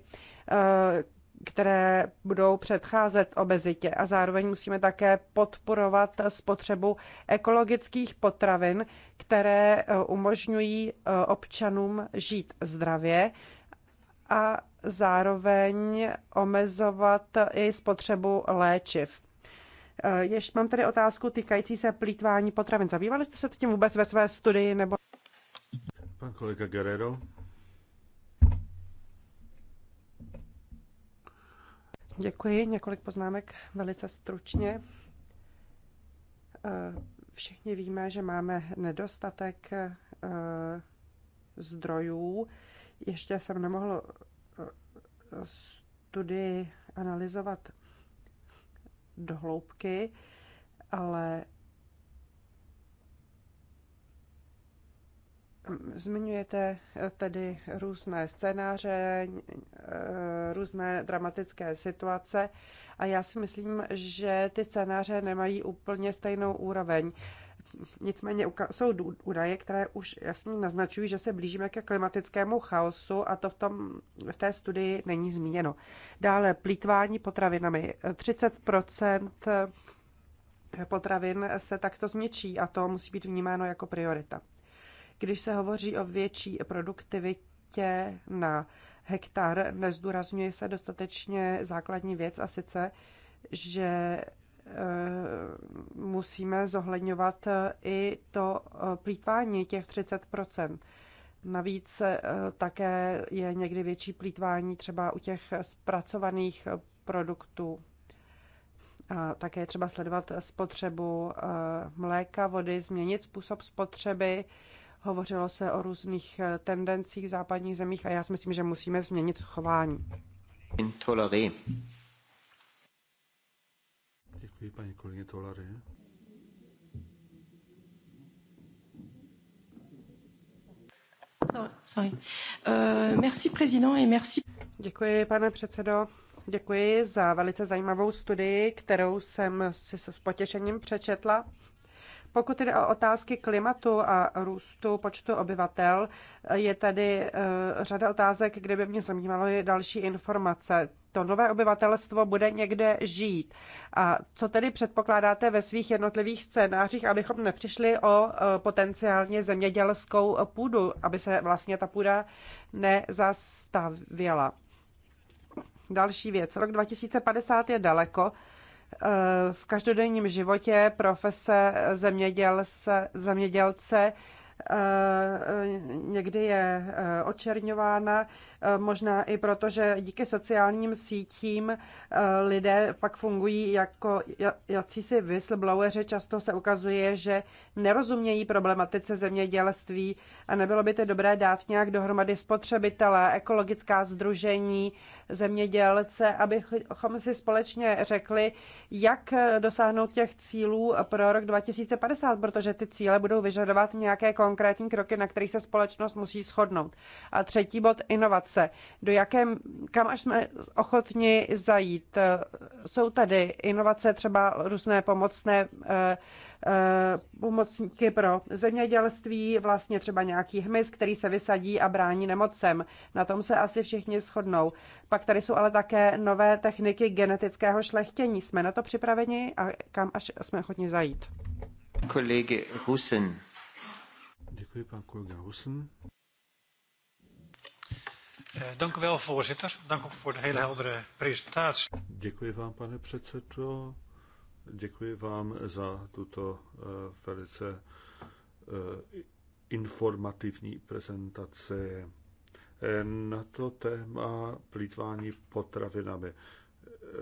které budou předcházet obezitě. A zároveň musíme také podporovat spotřebu ekologických potravin, které eh, umožňují eh, občanům žít zdravě a zároveň omezovat i spotřebu léčiv. Eh, Ještě mám tady otázku týkající se plítvání potravin. Zabývali jste se tím vůbec ve své studii nebo? Pan kolega Guerrero. Děkuji. Několik poznámek velice stručně. Eh, všichni víme, že máme nedostatek eh, zdrojů. Ještě jsem nemohl eh, studii analyzovat do hloubky, ale Zmiňujete eh, tedy různé scénáře, eh, různé dramatické situace a já si myslím, že ty scénáře nemají úplně stejnou úroveň. Nicméně jsou údaje, které už jasně naznačují, že se blížíme ke klimatickému chaosu a to v, tom, v té studii není zmíněno. Dále plítvání potravinami. 30 eh, potravin se takto zničí a to musí být vnímáno jako priorita. Když se hovoří o větší produktivitě na hektar, nezdůrazňuje se dostatečně základní věc a sice, že eh, musíme zohledňovat eh, i to eh, plítvání těch 30 Navíc také je někdy větší plítvání třeba u těch zpracovaných produktů. A také je třeba sledovat spotřebu mléka, vody, změnit způsob spotřeby, Hovořilo se o různých eh, tendencích v západních zemích a já si myslím, že musíme změnit chování. Intoleré. Děkuji, paní kolegyně Tolary. Sorry. Euh, Děkuji, pane předsedo. Děkuji za velice zajímavou studii, kterou jsem si s potěšením přečetla. Pokud jde o otázky klimatu a růstu počtu obyvatel, je tady eh, řada otázek, kde by mě zajímalo je další informace. To nové obyvatelstvo bude někde žít. A co tedy předpokládáte ve svých jednotlivých scénářích, abychom nepřišli o eh, potenciálně zemědělskou půdu, aby se vlastně ta půda nezastavěla? Další věc. Rok 2050 je daleko, Eh, v každodenním životě profese zemědělce, zemědělce eh, eh, někdy je očerňována. Eh, možná i proto, že díky sociálním sítím eh, lidé pak fungují jako jacísi whistlebloweri, často se ukazuje, že nerozumějí problematice zemědělství a nebylo by to dobré dát nějak dohromady spotřebitele, ekologická združení, zemědělce, abychom si společně řekli, jak eh, dosáhnout těch cílů pro rok 2050, protože ty cíle budou vyžadovat nějaké konkrétní kroky, na kterých se společnost musí shodnout. A třetí bod, inovace hranice, do jaké kam až jsme ochotni zajít. Jsou tady inovace, třeba různé pomocné eh, eh, pomocníky pro zemědělství, vlastně třeba nějaký hmyz, který se vysadí a brání nemocem. Na tom se asi všichni shodnou. Pak tady jsou ale také nové techniky genetického šlechtění. Jsme na to připraveni a kam až jsme ochotni zajít? Kolegy Husen. Děkuji, pan kolega Husen. Eh, dank u wel, voorzitter. Dank ook voor de hele heldere presentatie. Děkuji vám, pane předsedo. Děkuji vám za tuto eh, velice eh, informativní prezentaci na to téma plítvání potravinami.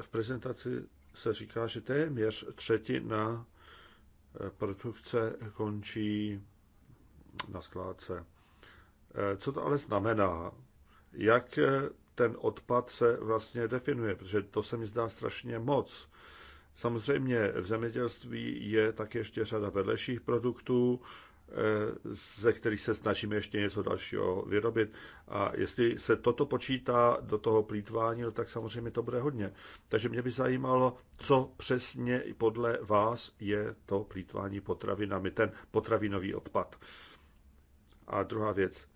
V prezentaci se říká, že téměř třetina produkce končí na skládce. Co to ale znamená? jak eh, ten odpad se vlastně definuje, protože to se mi zdá strašně moc. Samozřejmě v zemědělství je tak ještě řada vedlejších produktů, eh, ze kterých se snažíme ještě něco dalšího vyrobit. A jestli se toto počítá do toho plítvání, no tak samozřejmě to bude hodně. Takže mě by zajímalo, co přesně podle vás je to plítvání potravinami, ten potravinový odpad. A druhá věc,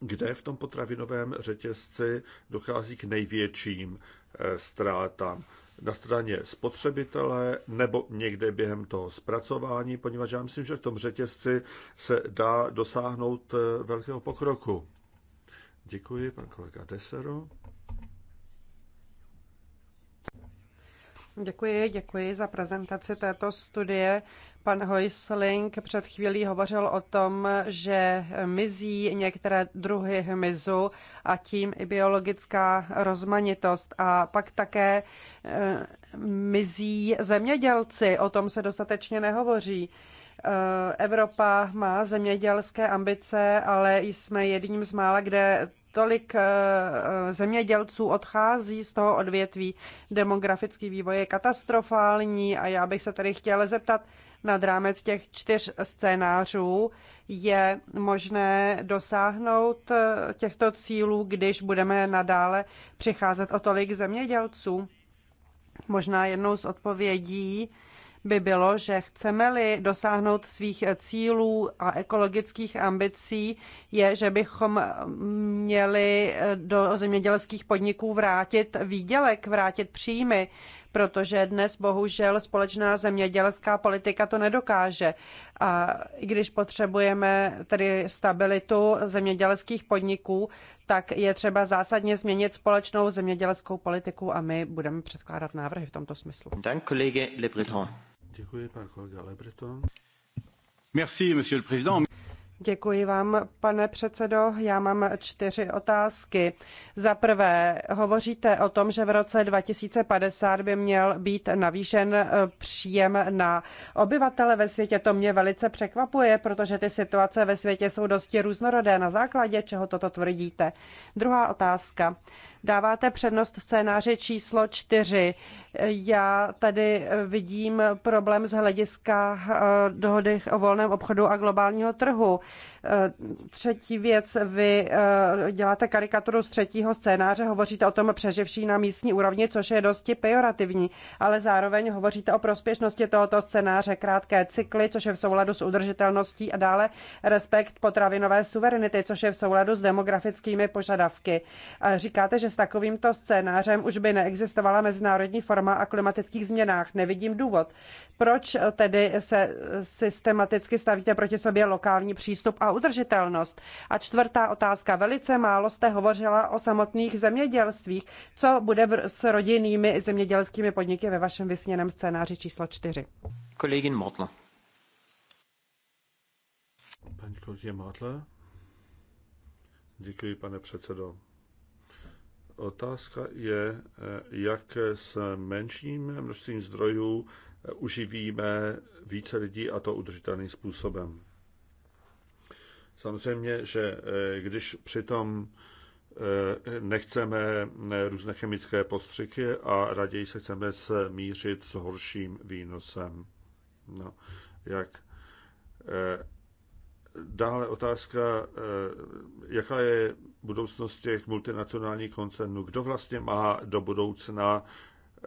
kde v tom potravinovém řetězci dochází k největším eh, ztrátám. Na straně spotřebitele nebo někde během toho zpracování, poněvadž já myslím, že v tom řetězci se dá dosáhnout eh, velkého pokroku. Děkuji, pan kolega Desero. Děkuji, děkuji za prezentaci této studie. Pan Hoisling před chvílí hovořil o tom, že mizí některé druhy hmyzu a tím i biologická rozmanitost. A pak také eh, mizí zemědělci, o tom se dostatečně nehovoří. Eh, Evropa má zemědělské ambice, ale jsme jedním z mála, kde tolik eh, eh, zemědělců odchází z toho odvětví. Demografický vývoj je katastrofální a já bych se tady chtěla zeptat, nad rámec těch čtyř scénářů je možné dosáhnout eh, těchto cílů, když budeme nadále přicházet o tolik zemědělců. Možná jednou z odpovědí by bylo, že chceme-li dosáhnout svých cílů a ekologických ambicí, je, že bychom měli do zemědělských podniků vrátit výdělek, vrátit příjmy, protože dnes bohužel společná zemědělská politika to nedokáže. A i když potřebujeme tedy stabilitu zemědělských podniků, tak je třeba zásadně změnit společnou zemědělskou politiku a my budeme předkládat návrhy v tomto smyslu. Dank, kolege Le Breton. Děkuji, pan kolega Lebreton. Merci, monsieur le président. Děkuji vám, pane předsedo. Já mám čtyři otázky. Za prvé, hovoříte o tom, že v roce 2050 by měl být navýšen eh, příjem na obyvatele ve světě. To mě velice překvapuje, protože ty situace ve světě jsou dosti různorodé. Na základě čeho toto tvrdíte? Druhá otázka. Dáváte přednost scénáři číslo čtyři. Já tady vidím problém z hlediska eh, dohody o volném obchodu a globálního trhu. Eh, třetí věc, vy eh, děláte karikaturu z třetího scénáře, hovoříte o tom přeživší na místní úrovni, což je dosti pejorativní, ale zároveň hovoříte o prospěšnosti tohoto scénáře, krátké cykly, což je v souladu s udržitelností a dále respekt potravinové suverenity, což je v souladu s demografickými požadavky. Říkáte, že s takovýmto scénářem už by neexistovala mezinárodní forma a klimatických změnách. Nevidím důvod. Proč tedy se systematicky stavíte proti sobě lokální přístup a udržitelnost? A čtvrtá otázka. Velice málo jste hovořila o samotných zemědělstvích. Co bude s rodinnými zemědělskými podniky ve vašem vysněném scénáři číslo čtyři? Kolegin Motla. Paní kolegyně Mátla. Děkuji, pane předsedo. Otázka je, jak s menším množstvím zdrojů uživíme více lidí a to udržitelným způsobem. Samozřejmě, že eh, když přitom eh, nechceme různé chemické postřiky a raději se chceme smířit s horším výnosem. No, jak eh, Dále otázka, eh, jaká je budoucnost těch multinacionálních koncernů. Kdo vlastně má do budoucna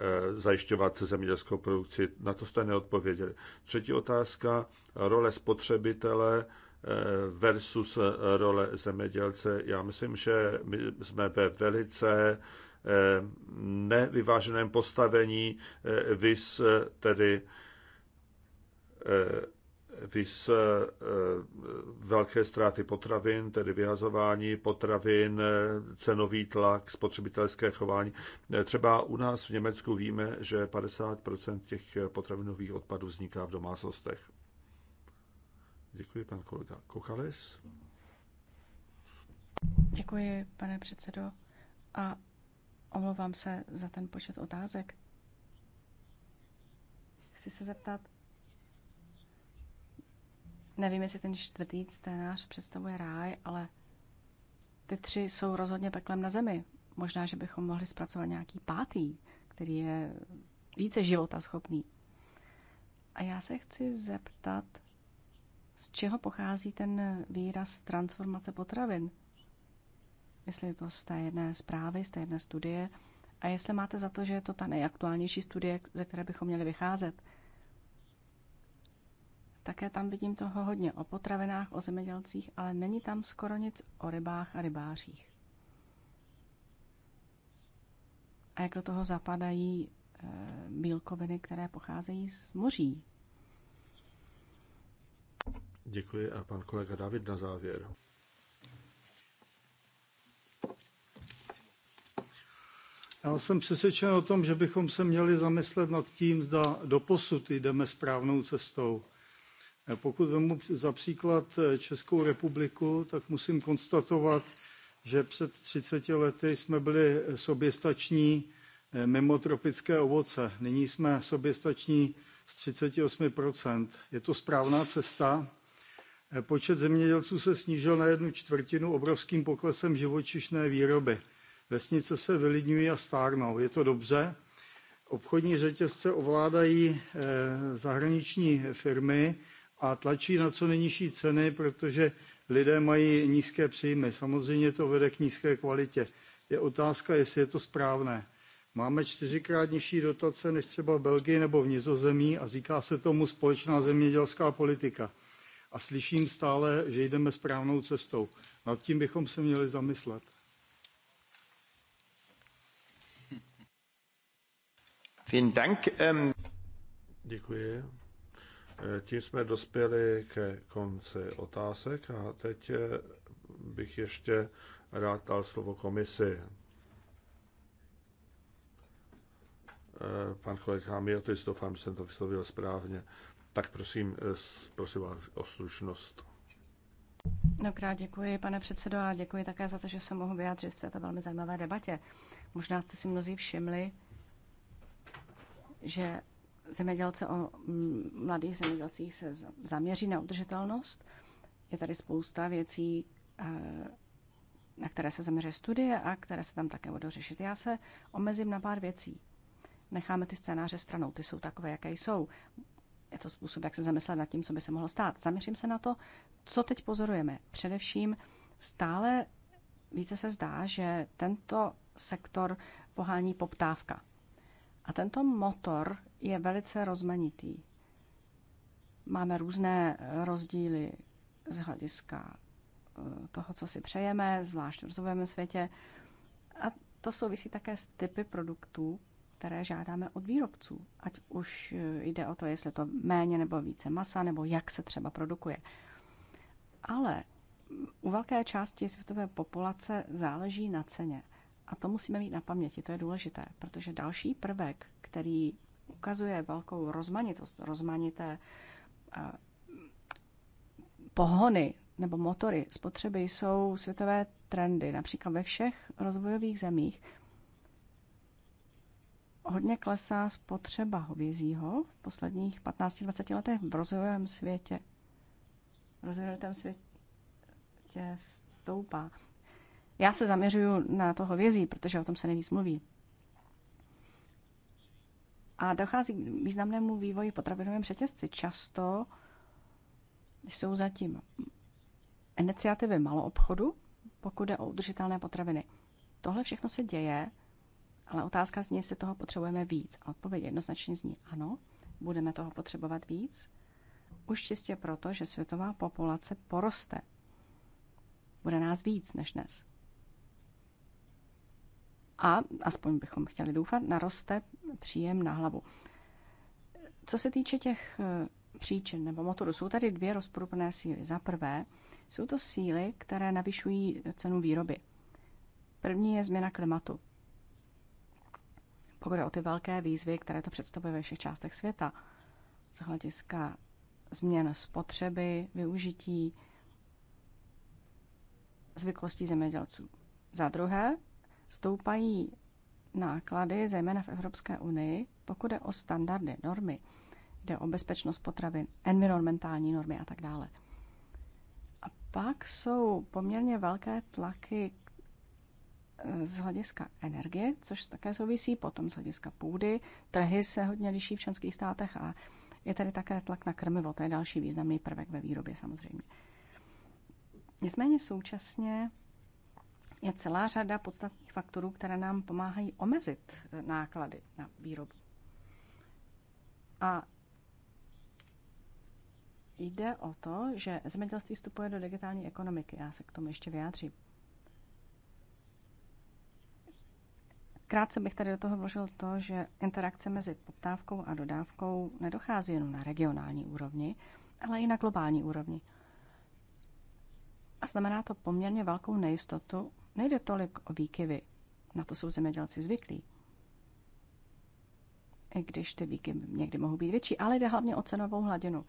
eh, zajišťovat zemědělskou produkci? Na to jste neodpověděli. Třetí otázka, role spotřebitele eh, versus role zemědělce. Já myslím, že my jsme ve velice nevyváženém postavení, vys tedy vys eh, velké ztráty potravin, tedy vyhazování potravin, eh, cenový tlak, spotřebitelské chování. Eh, třeba u nás v Německu víme, že 50% těch potravinových odpadů vzniká v domácnostech. Děkuji, pan kolega Kochales. Děkuji, pane předsedo. A omlouvám se za ten počet otázek. Chci se zeptat, Nevím, jestli ten čtvrtý scénář představuje ráj, ale ty tři jsou rozhodně peklem na zemi. Možná, že bychom mohli zpracovat nějaký pátý, který je více života schopný. A já se chci zeptat, z čeho pochází ten výraz transformace potravin? Jestli je to z té jedné zprávy, z té jedné studie, a jestli máte za to, že je to ta nejaktuálnější studie, ze které bychom měli vycházet – také tam vidím toho hodně o potravinách, o zemědělcích, ale není tam skoro nic o rybách a rybářích. A jak do toho zapadají e, bílkoviny, které pocházejí z moří. Děkuji a pan kolega David na závěr. Já jsem přesvědčen o tom, že bychom se měli zamyslet nad tím, zda do posud jdeme správnou cestou. Eh, pokud vemu za příklad eh, Českou republiku, tak musím konstatovat, že před 30 lety jsme byli eh, soběstační mimo tropické ovoce. Nyní jsme soběstační z 38%. Je to správná cesta. Počet zemědělců se snížil na jednu čtvrtinu obrovským poklesem živočišné výroby. Vesnice se vylidňují a stárnou. Je to dobře. Obchodní řetězce ovládají zahraniční firmy a tlačí na co nejnižší ceny, protože lidé mají nízké příjmy. Samozřejmě to vede k nízké kvalitě. Je otázka, jestli je to správné. Máme čtyřikrát nižší dotace než třeba v Belgii nebo v Nizozemí a říká se tomu společná zemědělská politika. A slyším stále, že jdeme správnou cestou. Nad tím bychom se měli zamyslet. Vielen Dank. Ähm, Děkuji. Eh, tím jsme dospěli ke konci otázek a teď eh, bych ještě rád dal slovo komisi. Eh, pan kolega Miotis, doufám, že jsem to vyslovil správně. Tak prosím, prosím vás o slušnost. Dobrá, děkuji, pane předsedo, a děkuji také za to, že se mohu vyjádřit v této velmi zajímavé debatě. Možná jste si mnozí všimli, že zemědělce o mladých zemědělcích se zaměří na udržitelnost. Je tady spousta věcí, eh, na které se zaměří studie a které se tam také budou řešit. Já se omezím na pár věcí. Necháme ty scénáře stranou, ty jsou takové, jaké jsou. Je to způsob, jak se zamyslet nad tím, co by se mohlo stát. Zaměřím se na to, co teď pozorujeme. Především stále více se zdá, že tento sektor pohání poptávka. A tento motor je velice rozmanitý. Máme různé rozdíly z hlediska eh, toho, co si přejeme, zvlášť v rozvojovém světě. A to souvisí také s typy produktů, které žádáme od výrobců. Ať už eh, jde o to, jestli to méně nebo více masa, nebo jak se třeba produkuje. Ale u velké části světové populace záleží na ceně. A to musíme mít na paměti, to je důležité, protože další prvek, který ukazuje velkou rozmanitost, rozmanité eh, pohony nebo motory spotřeby jsou světové trendy. Například ve všech rozvojových zemích hodně klesá spotřeba hovězího v posledních 15-20 letech v rozvojovém světě. V rozvojovém světě stoupá. Já se zaměřuju na to hovězí, protože o tom se nejvíc mluví. A dochází k významnému vývoji potravinovém řetězci. Často jsou zatím iniciativy maloobchodu, pokud jde o udržitelné potraviny. Tohle všechno se děje, ale otázka zní, jestli toho potřebujeme víc. A odpověď jednoznačně zní ano, budeme toho potřebovat víc, už čistě proto, že světová populace poroste. Bude nás víc než dnes a, aspoň bychom chtěli doufat, naroste příjem na hlavu. Co se týče těch e, příčin nebo motoru, jsou tady dvě rozporuplné síly. Za prvé, jsou to síly, které navyšují cenu výroby. První je změna klimatu. Pokud je o ty velké výzvy, které to představuje ve všech částech světa, z hlediska změn spotřeby, využití, zvyklostí zemědělců. Za druhé, stoupají náklady, zejména v Evropské unii, pokud je o standardy, normy, jde o bezpečnost potravin, environmentální normy a tak dále. A pak jsou poměrně velké tlaky eh, z hlediska energie, což také souvisí, potom z hlediska půdy. Trhy se hodně liší v členských státech a je tady také tlak na krmivo, to je další významný prvek ve výrobě samozřejmě. Nicméně současně je celá řada podstatných faktorů, které nám pomáhají omezit eh, náklady na výrobu. A jde o to, že zemědělství vstupuje do digitální ekonomiky. Já se k tomu ještě vyjádřím. Krátce bych tady do toho vložil to, že interakce mezi poptávkou a dodávkou nedochází jenom na regionální úrovni, ale i na globální úrovni. A znamená to poměrně velkou nejistotu Nejde tolik o výkyvy, na to jsou zemědělci zvyklí. I když ty výkyvy někdy mohou být větší, ale jde hlavně o cenovou hladinu.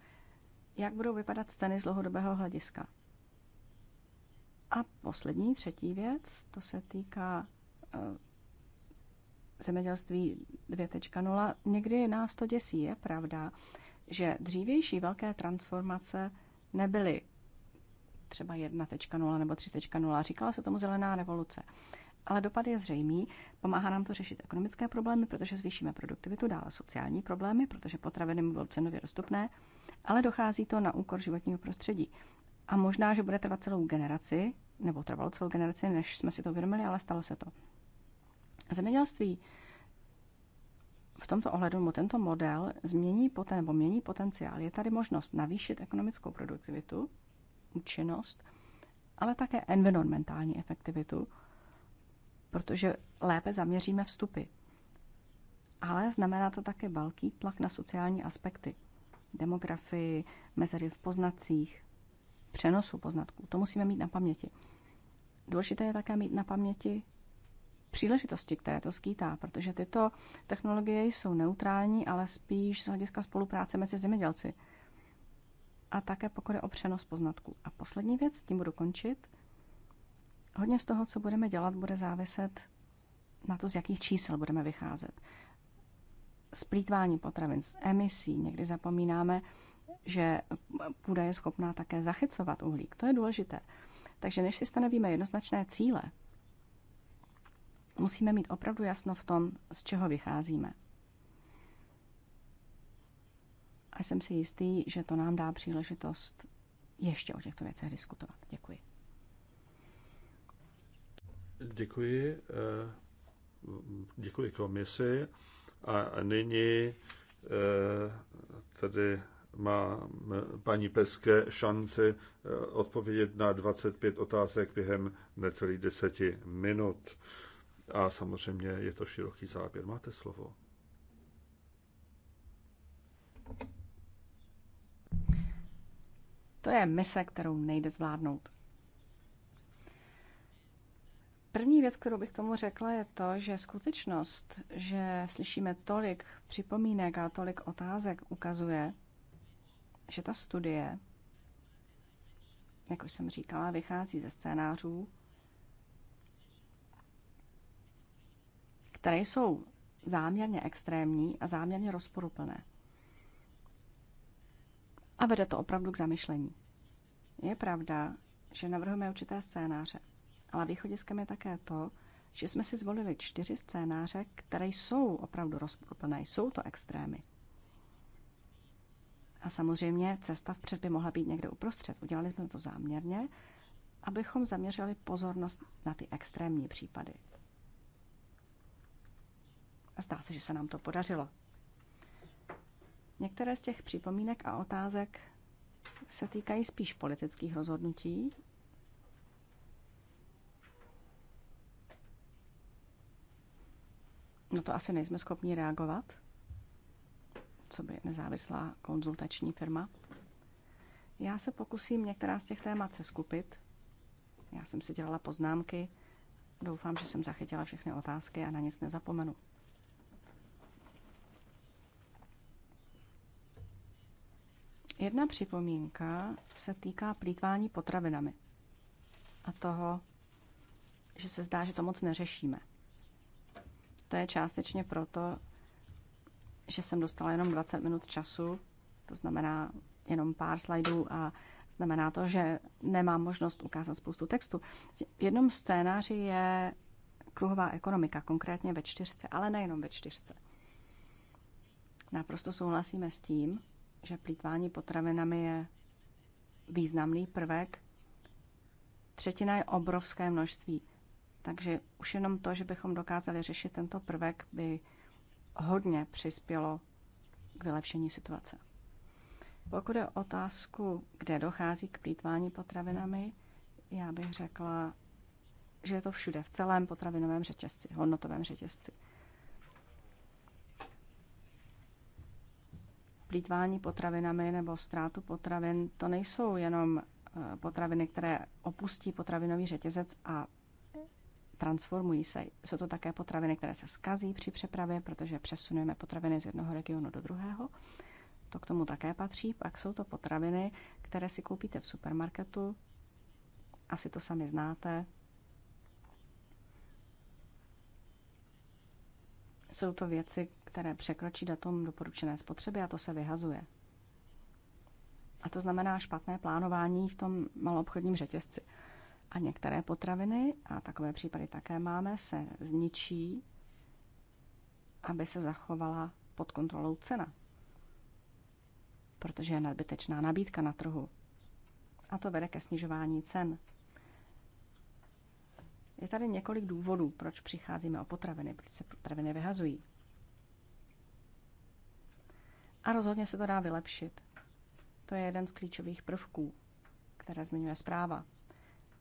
Jak budou vypadat ceny z dlouhodobého hlediska? A poslední, třetí věc, to se týká eh, zemědělství 2.0. Někdy nás to děsí, je pravda, že dřívější velké transformace nebyly třeba 1.0 nebo 3.0. Říkala se tomu zelená revoluce. Ale dopad je zřejmý. Pomáhá nám to řešit ekonomické problémy, protože zvýšíme produktivitu, dále sociální problémy, protože potraviny budou cenově dostupné, ale dochází to na úkor životního prostředí. A možná, že bude trvat celou generaci, nebo trvalo celou generaci, než jsme si to uvědomili, ale stalo se to. Zemědělství v tomto ohledu mu tento model změní poten, nebo mění potenciál. Je tady možnost navýšit ekonomickou produktivitu, účinnost, ale také environmentální efektivitu, protože lépe zaměříme vstupy. Ale znamená to také velký tlak na sociální aspekty, demografii, mezery v poznacích, přenosu poznatků. To musíme mít na paměti. Důležité je také mít na paměti příležitosti, které to skýtá, protože tyto technologie jsou neutrální, ale spíš z hlediska spolupráce mezi zemědělci – a také pokud je o přenos poznatků. A poslední věc, s tím budu končit. Hodně z toho, co budeme dělat, bude záviset na to, z jakých čísel budeme vycházet. Splítvání potravin z emisí, někdy zapomínáme, že půda je schopná také zachycovat uhlík. To je důležité. Takže než si stanovíme jednoznačné cíle, musíme mít opravdu jasno v tom, z čeho vycházíme. A jsem si jistý, že to nám dá příležitost ještě o těchto věcech diskutovat. Děkuji. Děkuji. Eh, děkuji komisi. A nyní eh, tedy má eh, paní Peské šanci odpovědět na 25 otázek během necelých deseti minut. A samozřejmě je to široký záběr. Máte slovo. To je mise, kterou nejde zvládnout. První věc, kterou bych tomu řekla, je to, že skutečnost, že slyšíme tolik připomínek a tolik otázek, ukazuje, že ta studie, jak už jsem říkala, vychází ze scénářů, které jsou záměrně extrémní a záměrně rozporuplné. A vede to opravdu k zamyšlení. Je pravda, že navrhujeme určité scénáře, ale východiskem je také to, že jsme si zvolili čtyři scénáře, které jsou opravdu rozporuplné, jsou to extrémy. A samozřejmě cesta vpřed by mohla být někde uprostřed. Udělali jsme to záměrně, abychom zaměřili pozornost na ty extrémní případy. A zdá se, že se nám to podařilo. Některé z těch připomínek a otázek se týkají spíš politických rozhodnutí. No to asi nejsme schopni reagovat, co by nezávislá konzultační firma. Já se pokusím některá z těch témat se skupit. Já jsem si dělala poznámky. Doufám, že jsem zachytila všechny otázky a na nic nezapomenu. Jedna připomínka se týká plítvání potravinami a toho, že se zdá, že to moc neřešíme. To je částečně proto, že jsem dostala jenom 20 minut času, to znamená jenom pár slajdů a znamená to, že nemám možnost ukázat spoustu textu. V jednom scénáři je kruhová ekonomika, konkrétně ve čtyřce, ale nejenom ve čtyřce. Naprosto souhlasíme s tím, že plítvání potravinami je významný prvek. Třetina je obrovské množství. Takže už jenom to, že bychom dokázali řešit tento prvek, by hodně přispělo k vylepšení situace. Pokud je otázku, kde dochází k plítvání potravinami, já bych řekla, že je to všude, v celém potravinovém řetězci, hodnotovém řetězci. plítvání potravinami nebo ztrátu potravin, to nejsou jenom eh, potraviny, které opustí potravinový řetězec a transformují se. Jsou to také potraviny, které se skazí při přepravě, protože přesunujeme potraviny z jednoho regionu do druhého. To k tomu také patří. Pak jsou to potraviny, které si koupíte v supermarketu. Asi to sami znáte. Jsou to věci, které překročí datum doporučené spotřeby a to se vyhazuje. A to znamená špatné plánování v tom maloobchodním řetězci. A některé potraviny, a takové případy také máme, se zničí, aby se zachovala pod kontrolou cena, protože je nadbytečná nabídka na trhu. A to vede ke snižování cen. Je tady několik důvodů, proč přicházíme o potraviny, proč se potraviny vyhazují. A rozhodně se to dá vylepšit. To je jeden z klíčových prvků, které zmiňuje zpráva.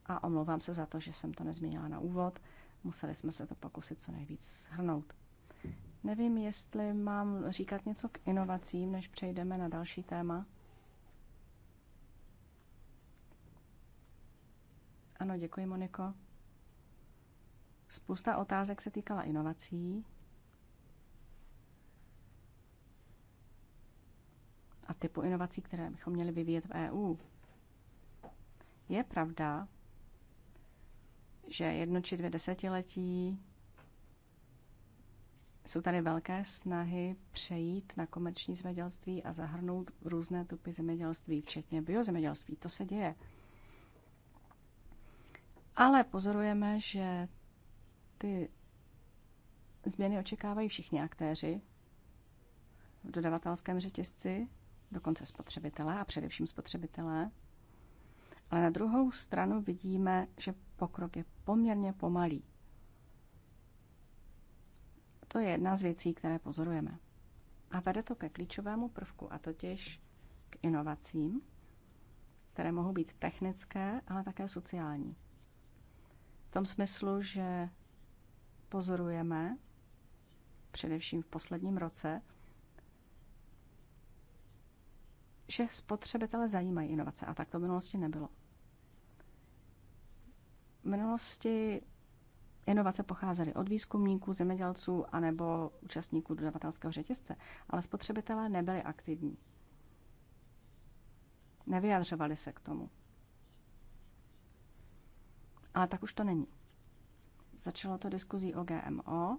A omlouvám se za to, že jsem to nezmínila na úvod. Museli jsme se to pokusit co nejvíc shrnout. Nevím, jestli mám říkat něco k inovacím, než přejdeme na další téma. Ano, děkuji, Moniko. Spousta otázek se týkala inovací. a typu inovací, které bychom měli vyvíjet v EU. Je pravda, že jedno či dvě desetiletí jsou tady velké snahy přejít na komerční zemědělství a zahrnout různé typy zemědělství, včetně biozemědělství. To se děje. Ale pozorujeme, že ty změny očekávají všichni aktéři v dodavatelském řetězci, dokonce spotřebitelé a především spotřebitelé. Ale na druhou stranu vidíme, že pokrok je poměrně pomalý. To je jedna z věcí, které pozorujeme. A vede to ke klíčovému prvku, a totiž k inovacím, které mohou být technické, ale také sociální. V tom smyslu, že pozorujeme, především v posledním roce, že spotřebitele zajímají inovace a tak to v minulosti nebylo. V minulosti inovace pocházely od výzkumníků, zemědělců anebo účastníků dodavatelského řetězce, ale spotřebitelé nebyli aktivní. Nevyjadřovali se k tomu. Ale tak už to není. Začalo to diskuzí o GMO,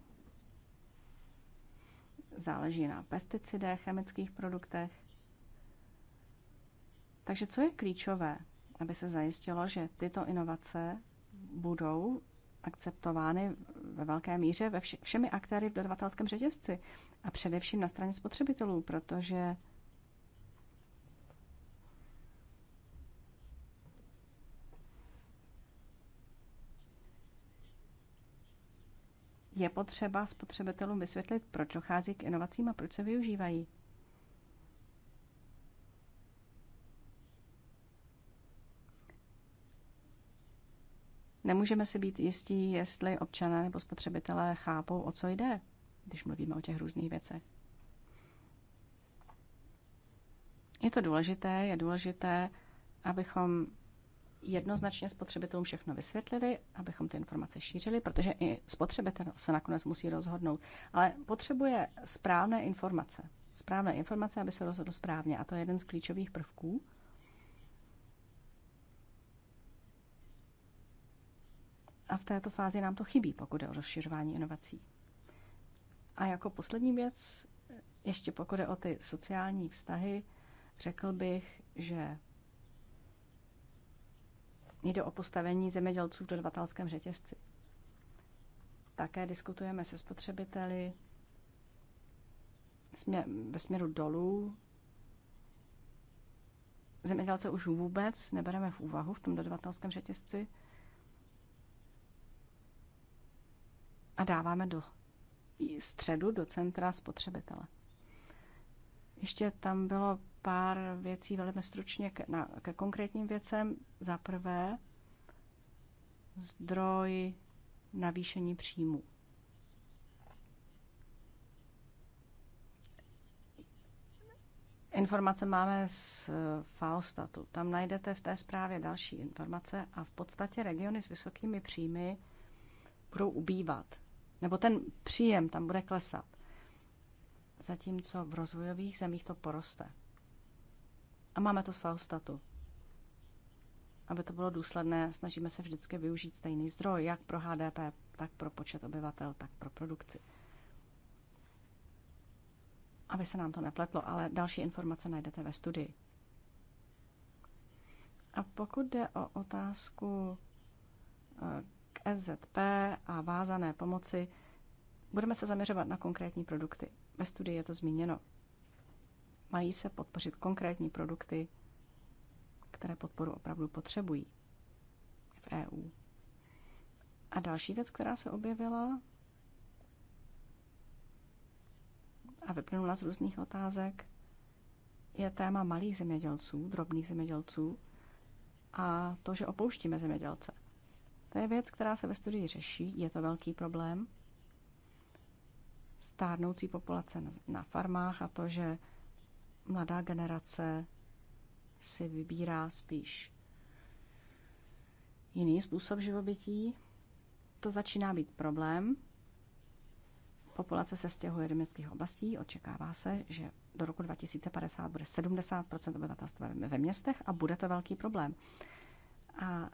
záleží na pesticidech, chemických produktech, takže co je klíčové, aby se zajistilo, že tyto inovace budou akceptovány ve velké míře ve vši- všemi aktéry v dodavatelském řetězci a především na straně spotřebitelů, protože je potřeba spotřebitelům vysvětlit, proč dochází k inovacím a proč se využívají. Nemůžeme si být jistí, jestli občané nebo spotřebitelé chápou, o co jde, když mluvíme o těch různých věcech. Je to důležité, je důležité, abychom jednoznačně spotřebitelům všechno vysvětlili, abychom ty informace šířili, protože i spotřebitel se nakonec musí rozhodnout, ale potřebuje správné informace. Správné informace, aby se rozhodl správně. A to je jeden z klíčových prvků, A v této fázi nám to chybí, pokud je o rozšiřování inovací. A jako poslední věc, ještě pokud je o ty sociální vztahy, řekl bych, že jde o postavení zemědělců v dodavatelském řetězci. Také diskutujeme se spotřebiteli směr, ve směru dolů. Zemědělce už vůbec nebereme v úvahu v tom dodavatelském řetězci. a dáváme do středu, do centra spotřebitele. Ještě tam bylo pár věcí velmi stručně ke, na, ke konkrétním věcem. Za prvé, zdroj navýšení příjmů. Informace máme z eh, Faustatu. Tam najdete v té zprávě další informace a v podstatě regiony s vysokými příjmy budou ubývat nebo ten příjem tam bude klesat. Zatímco v rozvojových zemích to poroste. A máme to z Faustatu. Aby to bylo důsledné, snažíme se vždycky využít stejný zdroj, jak pro HDP, tak pro počet obyvatel, tak pro produkci. Aby se nám to nepletlo, ale další informace najdete ve studii. A pokud jde o otázku eh, SZP e a vázané pomoci, budeme se zaměřovat na konkrétní produkty. Ve studii je to zmíněno. Mají se podpořit konkrétní produkty, které podporu opravdu potřebují v EU. A další věc, která se objevila a vyplynula z různých otázek, je téma malých zemědělců, drobných zemědělců a to, že opouštíme zemědělce – to je věc, která se ve studii řeší, je to velký problém. Stárnoucí populace na farmách a to, že mladá generace si vybírá spíš jiný způsob živobytí, to začíná být problém. Populace se stěhuje do městských oblastí, očekává se, že do roku 2050 bude 70 obyvatelstva ve městech a bude to velký problém. A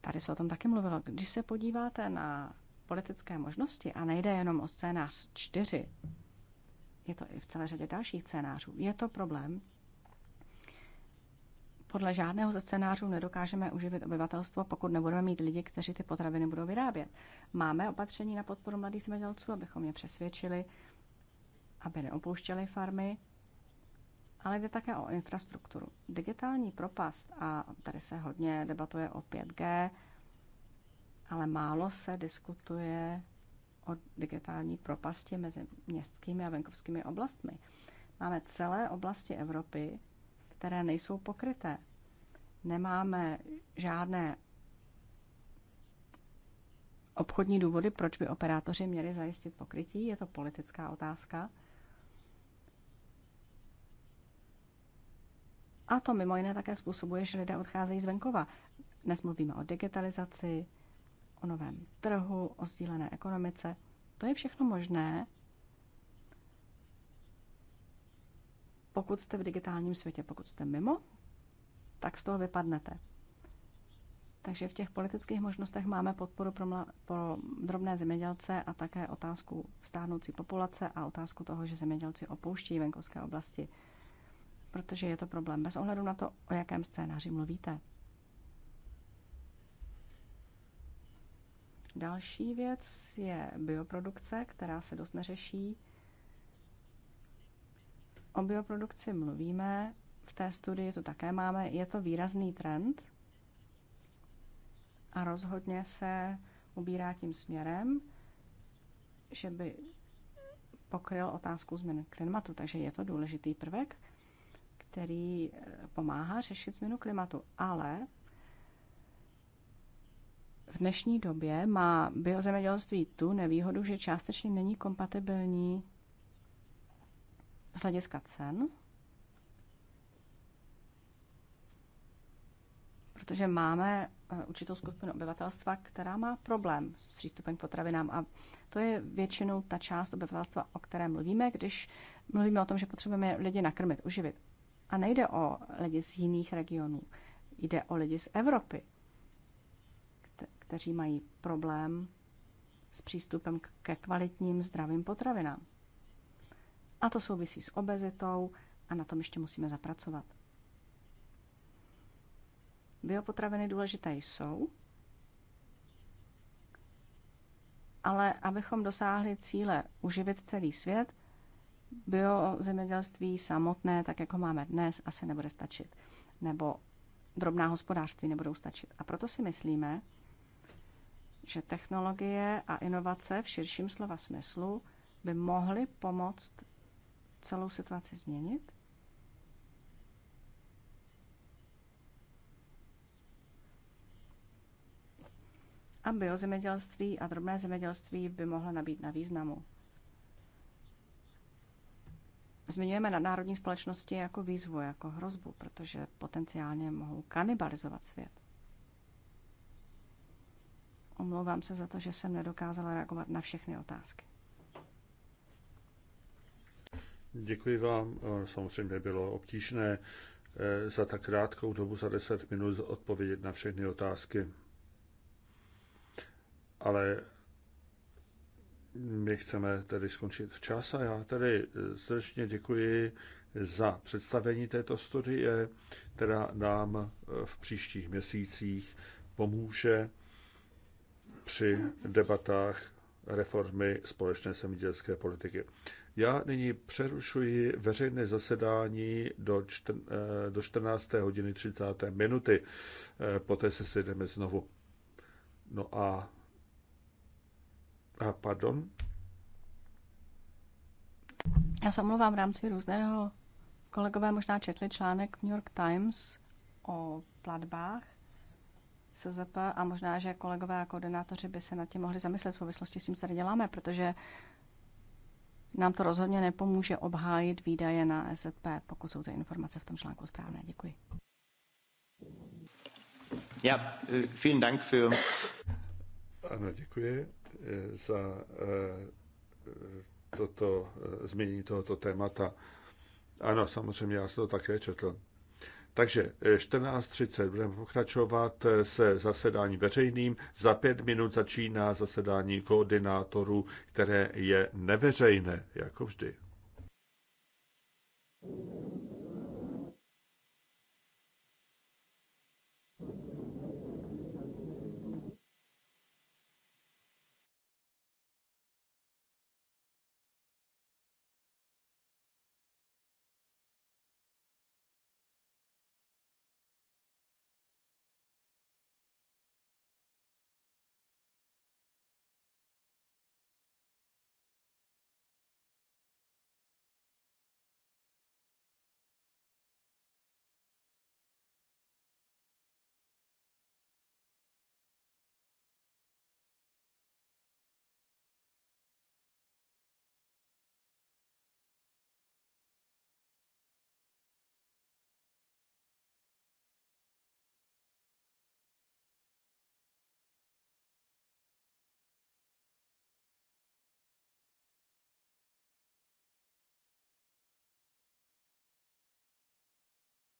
Tady se o tom taky mluvilo. Když se podíváte na politické možnosti a nejde jenom o scénář 4, je to i v celé řadě dalších scénářů, je to problém. Podle žádného ze scénářů nedokážeme uživit obyvatelstvo, pokud nebudeme mít lidi, kteří ty potraviny budou vyrábět. Máme opatření na podporu mladých zemědělců, abychom je přesvědčili, aby neopouštěli farmy, ale jde také o infrastrukturu. Digitální propast, a tady se hodně debatuje o 5G, ale málo se diskutuje o digitální propasti mezi městskými a venkovskými oblastmi. Máme celé oblasti Evropy, které nejsou pokryté. Nemáme žádné obchodní důvody, proč by operátoři měli zajistit pokrytí. Je to politická otázka. A to mimo jiné také způsobuje, že lidé odcházejí z venkova. Dnes mluvíme o digitalizaci, o novém trhu, o sdílené ekonomice. To je všechno možné, pokud jste v digitálním světě, pokud jste mimo, tak z toho vypadnete. Takže v těch politických možnostech máme podporu pro, mla, pro drobné zemědělce a také otázku stárnoucí populace a otázku toho, že zemědělci opouští venkovské oblasti protože je to problém bez ohledu na to, o jakém scénáři mluvíte. Další věc je bioprodukce, která se dost neřeší. O bioprodukci mluvíme, v té studii to také máme. Je to výrazný trend a rozhodně se ubírá tím směrem, že by pokryl otázku změn klimatu. Takže je to důležitý prvek který eh, pomáhá řešit změnu klimatu. Ale v dnešní době má biozemědělství tu nevýhodu, že částečně není kompatibilní z hlediska cen, protože máme eh, určitou skupinu obyvatelstva, která má problém s přístupem k potravinám a to je většinou ta část obyvatelstva, o které mluvíme, když mluvíme o tom, že potřebujeme lidi nakrmit, uživit. A nejde o lidi z jiných regionů, jde o lidi z Evropy, kteří mají problém s přístupem ke kvalitním zdravým potravinám. A to souvisí s obezitou a na tom ještě musíme zapracovat. Biopotraviny důležité jsou, ale abychom dosáhli cíle uživit celý svět, biozemědělství samotné, tak jako máme dnes, asi nebude stačit. Nebo drobná hospodářství nebudou stačit. A proto si myslíme, že technologie a inovace v širším slova smyslu by mohly pomoct celou situaci změnit. A biozemědělství a drobné zemědělství by mohlo nabít na významu zmiňujeme nadnárodní společnosti jako výzvu, jako hrozbu, protože potenciálně mohou kanibalizovat svět. Omlouvám se za to, že jsem nedokázala reagovat na všechny otázky. Děkuji vám. Samozřejmě bylo obtížné eh, za tak krátkou dobu, za 10 minut, odpovědět na všechny otázky. Ale my chceme tedy skončit včas a já tedy eh, srdečně děkuji za představení této studie, která nám eh, v příštích měsících pomůže při debatách reformy společné zemědělské politiky. Já nyní přerušuji veřejné zasedání do, čtr, eh, do 14. hodiny 30. minuty. Poté se sejdeme znovu. No a a pardon? Já se omlouvám v rámci různého. Kolegové možná četli článek New York Times o platbách SZP a možná, že kolegové a koordinátoři by se nad tím mohli zamyslet v souvislosti s tím, co tady děláme, protože nám to rozhodně nepomůže obhájit výdaje na SZP, pokud jsou ty informace v tom článku správné. Děkuji. Ja, vielen Dank für... Ano, děkuji. Eh, za eh, toto eh, změní tohoto témata. Ano, samozřejmě, já jsem to také četl. Takže 14.30 budeme pokračovat se zasedání veřejným. Za pět minut začíná zasedání koordinátorů, které je neveřejné, jako vždy.